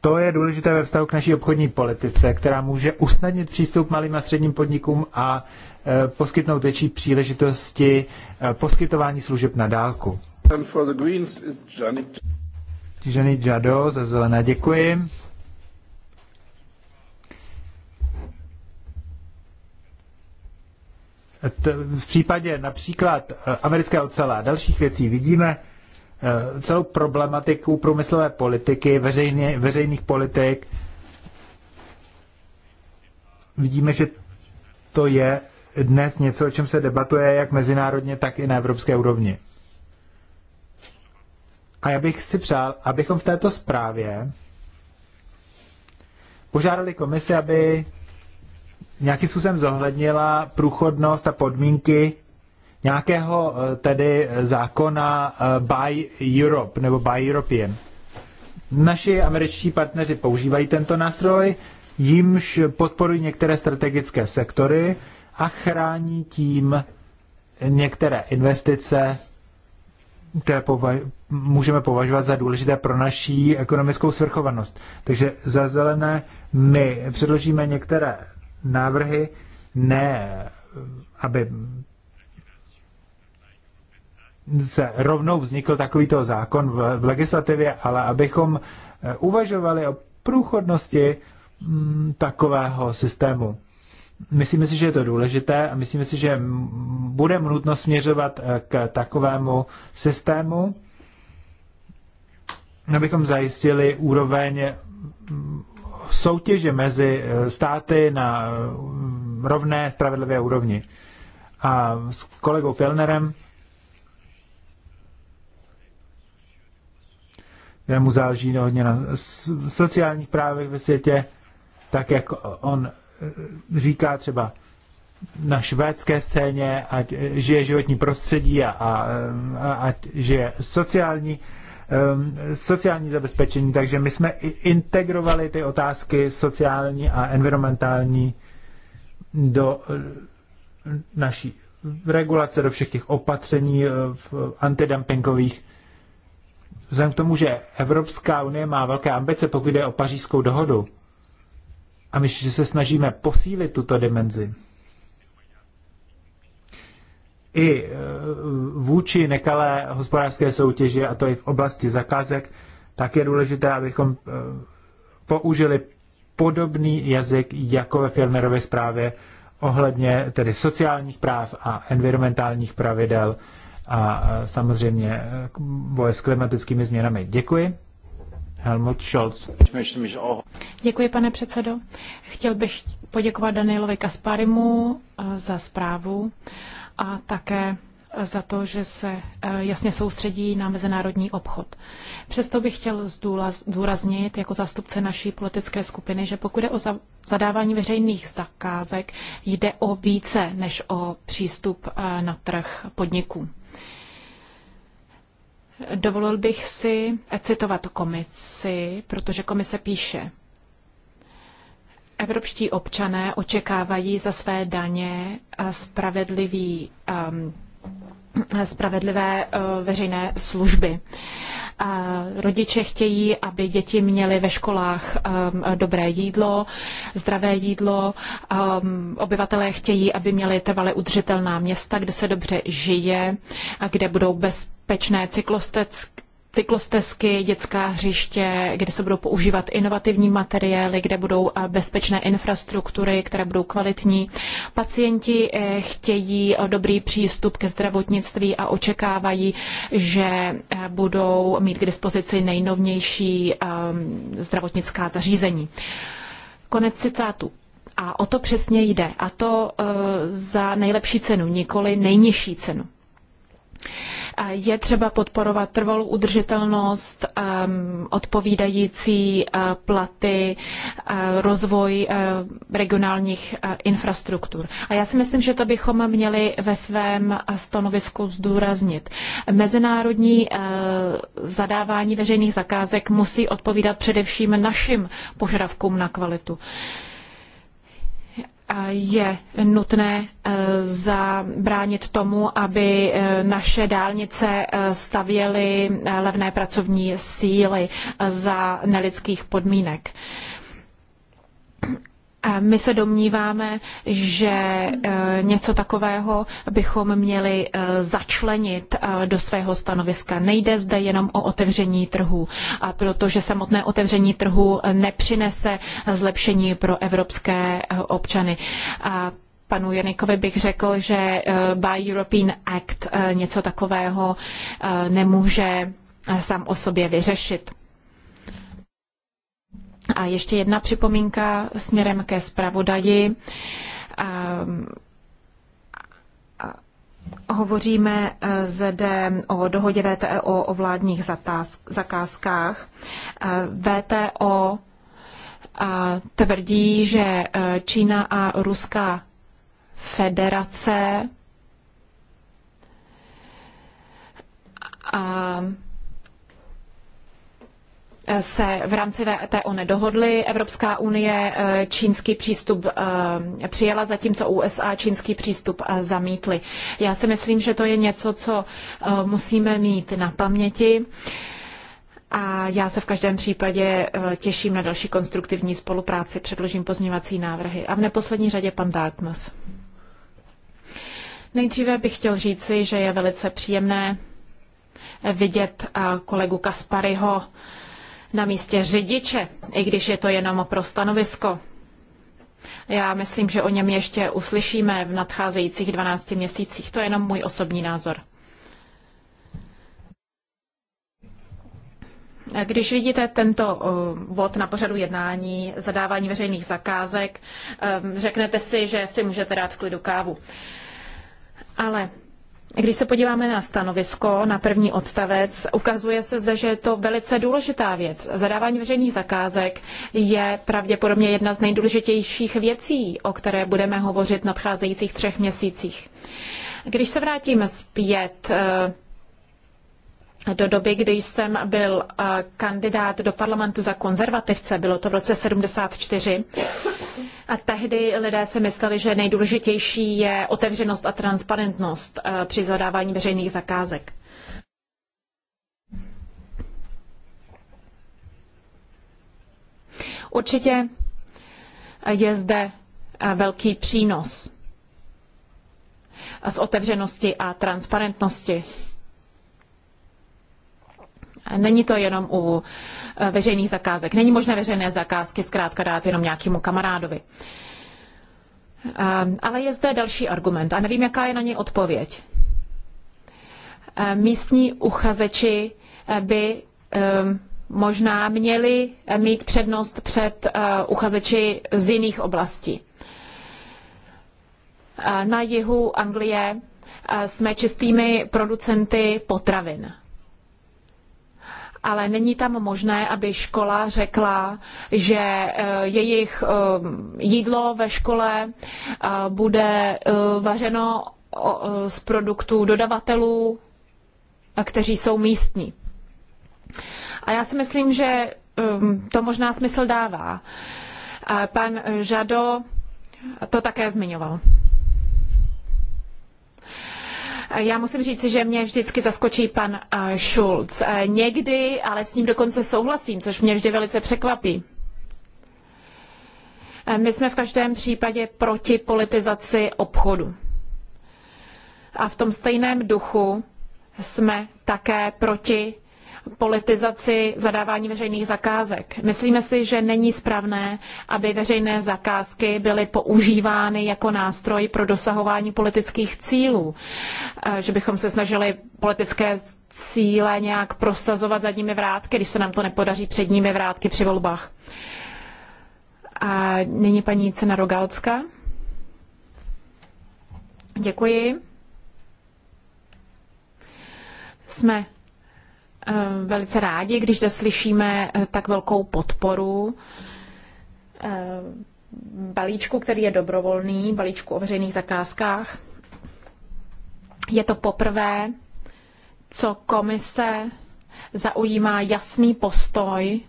To je důležité ve vztahu k naší obchodní politice, která může usnadnit přístup malým a středním podnikům a e, poskytnout větší příležitosti e, poskytování služeb na dálku. Ženy Jado za zelené děkuji. E, v případě například americké ocele a dalších věcí vidíme, Eh, celou problematiku průmyslové politiky, veřejně, veřejných politik. Vidíme, že to je dnes něco, o čem se debatuje jak mezinárodně, tak i na evropské úrovni. A já bych si přál, abychom v této zprávě požádali komisi, aby nějakým způsobem zohlednila průchodnost a podmínky nějakého eh, tedy eh, zákona eh, Buy Europe nebo Buy European. Naši američtí partneři používají tento nástroj, jimž podporují některé strategické sektory a chrání tím některé investice, které pova- můžeme považovat za důležité pro naší ekonomickou svrchovanost. Takže za zelené my předložíme některé návrhy, ne aby se rovnou vznikl takovýto zákon v, v legislativě, ale abychom eh, uvažovali o průchodnosti mm, takového systému. Myslíme si, že je to důležité a myslíme si, že bude nutno směřovat eh, k takovému systému, abychom zajistili úroveň soutěže mezi eh, státy na rovné, spravedlivé úrovni. A s kolegou Filnerem kterému záleží hodně na sociálních právech ve světě, tak jak on e, říká třeba na švédské scéně, ať e, žije životní prostředí a, a, a ať žije sociální, um, sociální zabezpečení. Takže my jsme integrovali ty otázky sociální a environmentální do e, naší regulace, do všech těch opatření v antidumpingových vzhledem k tomu, že Evropská unie má velké ambice, pokud jde o pařížskou dohodu, a my, že se snažíme posílit tuto dimenzi, i e, vůči nekalé hospodářské soutěži, a to i v oblasti zakázek, tak je důležité, abychom e, použili podobný jazyk jako ve Filnerově zprávě ohledně tedy sociálních práv a environmentálních pravidel a samozřejmě e, boje s klimatickými změnami. Děkuji. Helmut Scholz. Děkuji, pane předsedo. Chtěl bych poděkovat Danielovi Kasparimu e, za zprávu a také za to, že se e, jasně soustředí na mezinárodní obchod. Přesto bych chtěl zdůraznit jako zástupce naší politické skupiny, že pokud je o zadávání veřejných zakázek, jde o více než o přístup na trh podniků. Dovolil bych si citovat komisi, protože komise píše. Evropští občané očekávají za své daně spravedlivý um, spravedlivé eh, veřejné služby. Eh, rodiče chtějí, aby děti měly ve školách eh, dobré jídlo, zdravé jídlo. Obyvatelé chtějí, aby měli trvale udržitelná města, kde se dobře žije, a kde budou bezpečné cyklostezky cyklostezky, dětská hřiště, kde se budou používat inovativní materiály, kde budou eh, bezpečné infrastruktury, které budou kvalitní. Pacienti eh, chtějí eh, dobrý přístup ke zdravotnictví a očekávají, že budou mít k dispozici nejnovější ehm, zdravotnická zařízení. Konec citátu. A o to přesně jde. A to za nejlepší cenu, nikoli nejnižší cenu. Je třeba podporovat trvalou udržitelnost, um, odpovídající uh, platy, uh, rozvoj uh, regionálních infrastruktur. A já si myslím, že to bychom měli ve svém stanovisku zdůraznit. Mezinárodní zadávání veřejných zakázek musí odpovídat především našim požadavkům na kvalitu je nutné e, zabránit tomu, aby e, naše dálnice e, stavěly levné pracovní síly za nelidských podmínek. My se domníváme, že e, něco takového bychom měli e, začlenit e, do svého stanoviska. Nejde zde jenom o otevření trhu, a protože samotné otevření trhu nepřinese zlepšení pro evropské občany panu Janikovi bych řekl, že by European Act něco takového nemůže sám o sobě vyřešit. A ještě jedna připomínka směrem ke zpravodaji. Hovoříme e, zde o dohodě VTO e o vládních zakázkách. E, VTO tvrdí, že Čína a Ruská federace se v rámci VTO nedohodly. Evropská unie eh, čínský přístup eh, přijela, zatímco USA čínský přístup eh, zamítly. Já si myslím, že to je něco, co musíme mít na paměti. A já se v každém případě těším na další konstruktivní spolupráci, předložím pozměňovací návrhy. A v neposlední řadě pan Dartmouth. Nejdříve bych chtěl říci, že je velice příjemné vidět kolegu Kasparyho na místě řidiče, i když je to jenom pro stanovisko. Já myslím, že o něm ještě uslyšíme v nadcházejících 12 měsících. To je jenom můj osobní názor. Když vidíte tento bod na pořadu jednání, zadávání veřejných zakázek, řeknete si, že si můžete dát v klidu kávu. Ale když se podíváme na stanovisko, na první odstavec, ukazuje se zde, že je to velice důležitá věc. Zadávání veřejných zakázek je pravděpodobně jedna z nejdůležitějších věcí, o které budeme hovořit v nadcházejících třech měsících. Když se vrátíme zpět eh, do doby, kdy jsem byl eh, kandidát do parlamentu za konzervativce, bylo to v roce 74, a tehdy lidé si mysleli, že nejdůležitější je otevřenost a transparentnost eh, při zadávání veřejných zakázek. Určitě je zde eh, velký přínos z otevřenosti a transparentnosti. Není to jenom u Eh, veřejných zakázek. Není možné veřejné zakázky zkrátka dát jenom nějakému kamarádovi. Eh, ale je zde další argument a nevím, jaká je na něj odpověď. Eh, místní uchazeči by možná měli mít přednost před uchazeči z jiných oblastí. Na jihu Anglie jsme čistými producenty potravin ale není tam možné, aby škola řekla, že e, jejich e, jídlo ve škole e, bude vařeno z produktů dodavatelů, kteří jsou místní. A já si myslím, že to možná smysl dává. Pan Žado to také zmiňoval. Já musím říct, že mě vždycky zaskočí pan eh, Schulz. Eh, někdy, ale s ním dokonce souhlasím, což mě vždy velice překvapí. Eh, my jsme v každém případě proti politizaci obchodu. A v tom stejném duchu jsme také proti politizaci zadávání veřejných zakázek. Myslíme si, že není správné, aby veřejné zakázky byly používány jako nástroj pro dosahování politických cílů, eh, že bychom se snažili politické cíle nějak prosazovat zadními vrátky, když se nám to nepodaří předními vrátky při volbách. A nyní paní Cena Děkuji. Jsme Eh, velice rádi, když zaslyšíme eh, tak velkou podporu eh, balíčku, který je dobrovolný, balíčku o veřejných zakázkách. Je to poprvé, co komise zaujímá jasný postoj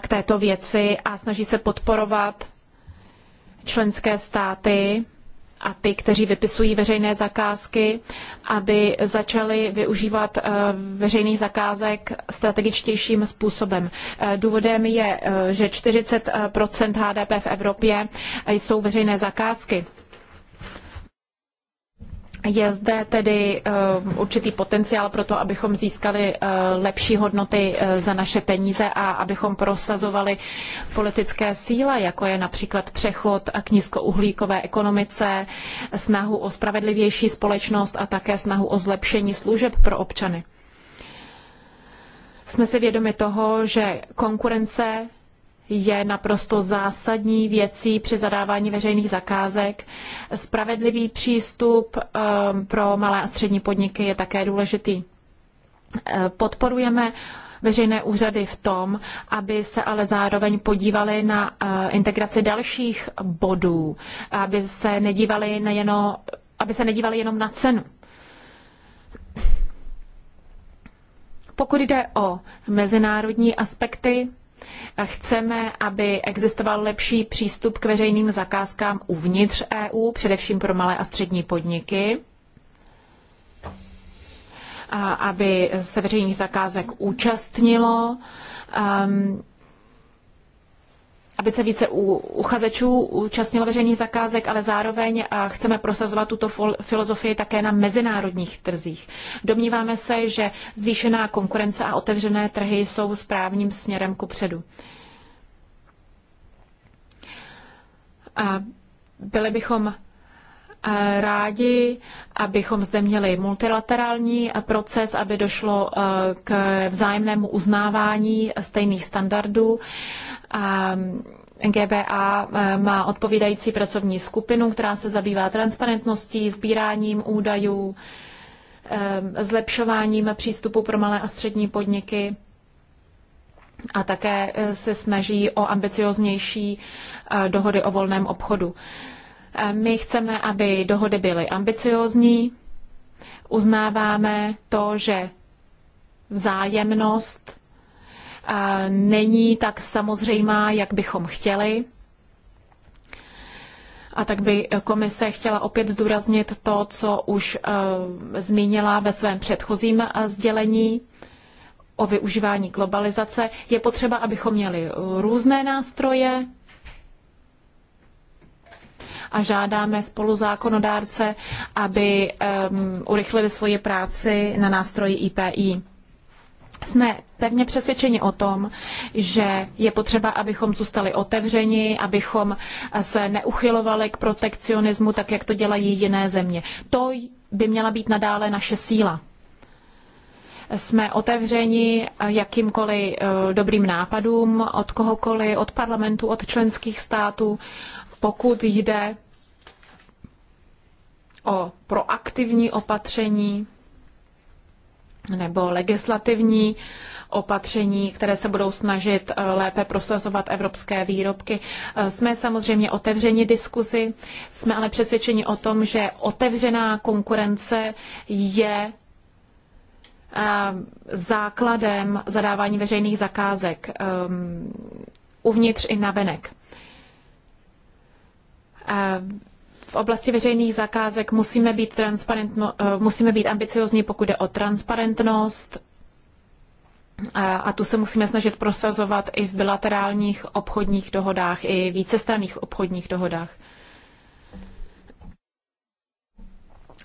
k této věci a snaží se podporovat členské státy a ty, kteří vypisují veřejné zakázky, aby začali využívat eh, veřejných zakázek strategičtějším způsobem. Eh, důvodem je, eh, že 40 HDP v Evropě jsou veřejné zakázky. Je zde tedy eh, určitý potenciál pro to, abychom získali eh, lepší hodnoty eh, za naše peníze a abychom prosazovali politické síle, jako je například přechod k nízkouhlíkové ekonomice, snahu o spravedlivější společnost a také snahu o zlepšení služeb pro občany. Jsme si vědomi toho, že konkurence je naprosto zásadní věcí při zadávání veřejných zakázek. Spravedlivý přístup ehm, pro malé a střední podniky je také důležitý. Ehm, podporujeme veřejné úřady v tom, aby se ale zároveň podívali na ehm, integraci dalších bodů, aby se nedívali, na jeno, aby se nedívali jenom na cenu. Pokud jde o mezinárodní aspekty, Chceme, aby existoval lepší přístup k veřejným zakázkám uvnitř EU, především pro malé a střední podniky, aby se veřejných zakázek účastnilo. Um, aby se více u, uchazečů účastnilo veřejných zakázek, ale zároveň a chceme prosazovat tuto filozofii také na mezinárodních trzích. Domníváme se, že zvýšená konkurence a otevřené trhy jsou správným směrem ku předu. byli bychom rádi, abychom zde měli multilaterální proces, aby došlo k vzájemnému uznávání stejných standardů GBA mm, e, má odpovídající pracovní skupinu, která se zabývá transparentností, sbíráním údajů, e, zlepšováním přístupu pro malé a střední podniky a také e, se snaží o ambicioznější dohody o volném obchodu. My chceme, aby dohody byly ambiciozní, uznáváme to, že vzájemnost není tak samozřejmá, jak bychom chtěli. A tak by komise chtěla opět zdůraznit to, co už eh, zmínila ve svém předchozím eh, sdělení o využívání globalizace. Je potřeba, abychom měli různé nástroje a žádáme zákonodárce, aby um, urychlili svoji práci na nástroji IPI jsme pevně přesvědčeni o tom, že je potřeba, abychom zůstali otevřeni, abychom se neuchylovali k protekcionismu, tak jak to dělají jiné země. To by měla být nadále naše síla. Jsme otevřeni jakýmkoliv eh, dobrým nápadům od kohokoliv, od parlamentu, od členských států, pokud jde o proaktivní opatření, nebo legislativní opatření, které se budou snažit eh, lépe prosazovat evropské výrobky. Eh, jsme samozřejmě otevřeni diskuzi, jsme ale přesvědčeni o tom, že otevřená konkurence je eh, základem zadávání veřejných zakázek ehm, uvnitř i navenek v oblasti veřejných zakázek musíme být, transparentno, eh, musíme být ambiciozní, pokud jde o transparentnost. A, a tu se musíme snažit prosazovat i v bilaterálních obchodních dohodách, i vícestranných obchodních dohodách.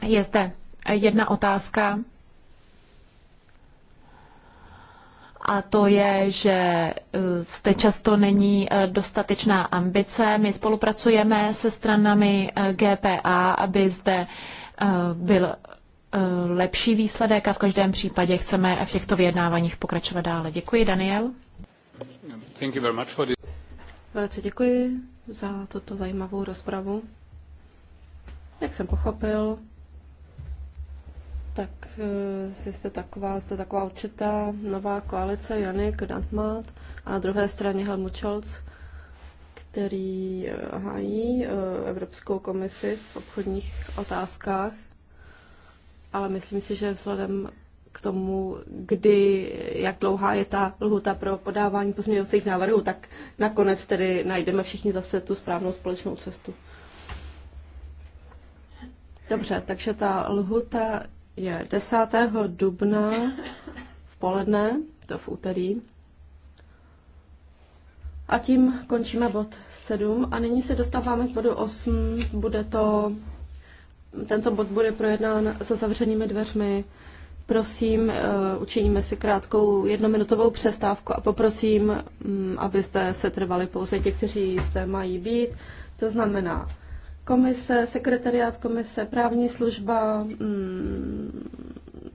Je zde jedna otázka, a to je, že eh, zde často není eh, dostatečná ambice. My spolupracujeme se stranami eh, GPA, aby zde byl lepší výsledek a v každém případě chceme v těchto vyjednáváních pokračovat dále. Děkuji, Daniel. Thank you very much for this. Velice děkuji za tuto zajímavou rozpravu. Jak jsem pochopil, tak eh, jste taková, jste taková určitá nová koalice Janik Dantmat a na druhé straně Helmut Scholz, který eh, hájí eh, Evropskou komisi v obchodních otázkách, ale myslím si, že vzhledem k tomu, kdy, jak dlouhá je ta lhuta pro podávání pozměňovacích návrhů, tak nakonec tedy najdeme všichni zase tu správnou společnou cestu. Dobře, takže ta lhuta je 10. dubna v poledne, to v úterý. A tím končíme bod 7 a nyní se dostáváme k bodu 8. Bude to, tento bod bude projednán za zavřenými dveřmi. Prosím, eh, učiníme si krátkou jednominutovou přestávku a poprosím, mm, abyste se trvali pouze ti, kteří zde mají být. To znamená komise, sekretariát komise, právní služba, mm,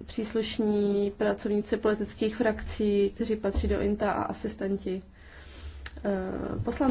příslušní pracovníci politických frakcí, kteří patří do INTA a asistenti eh, poslanců.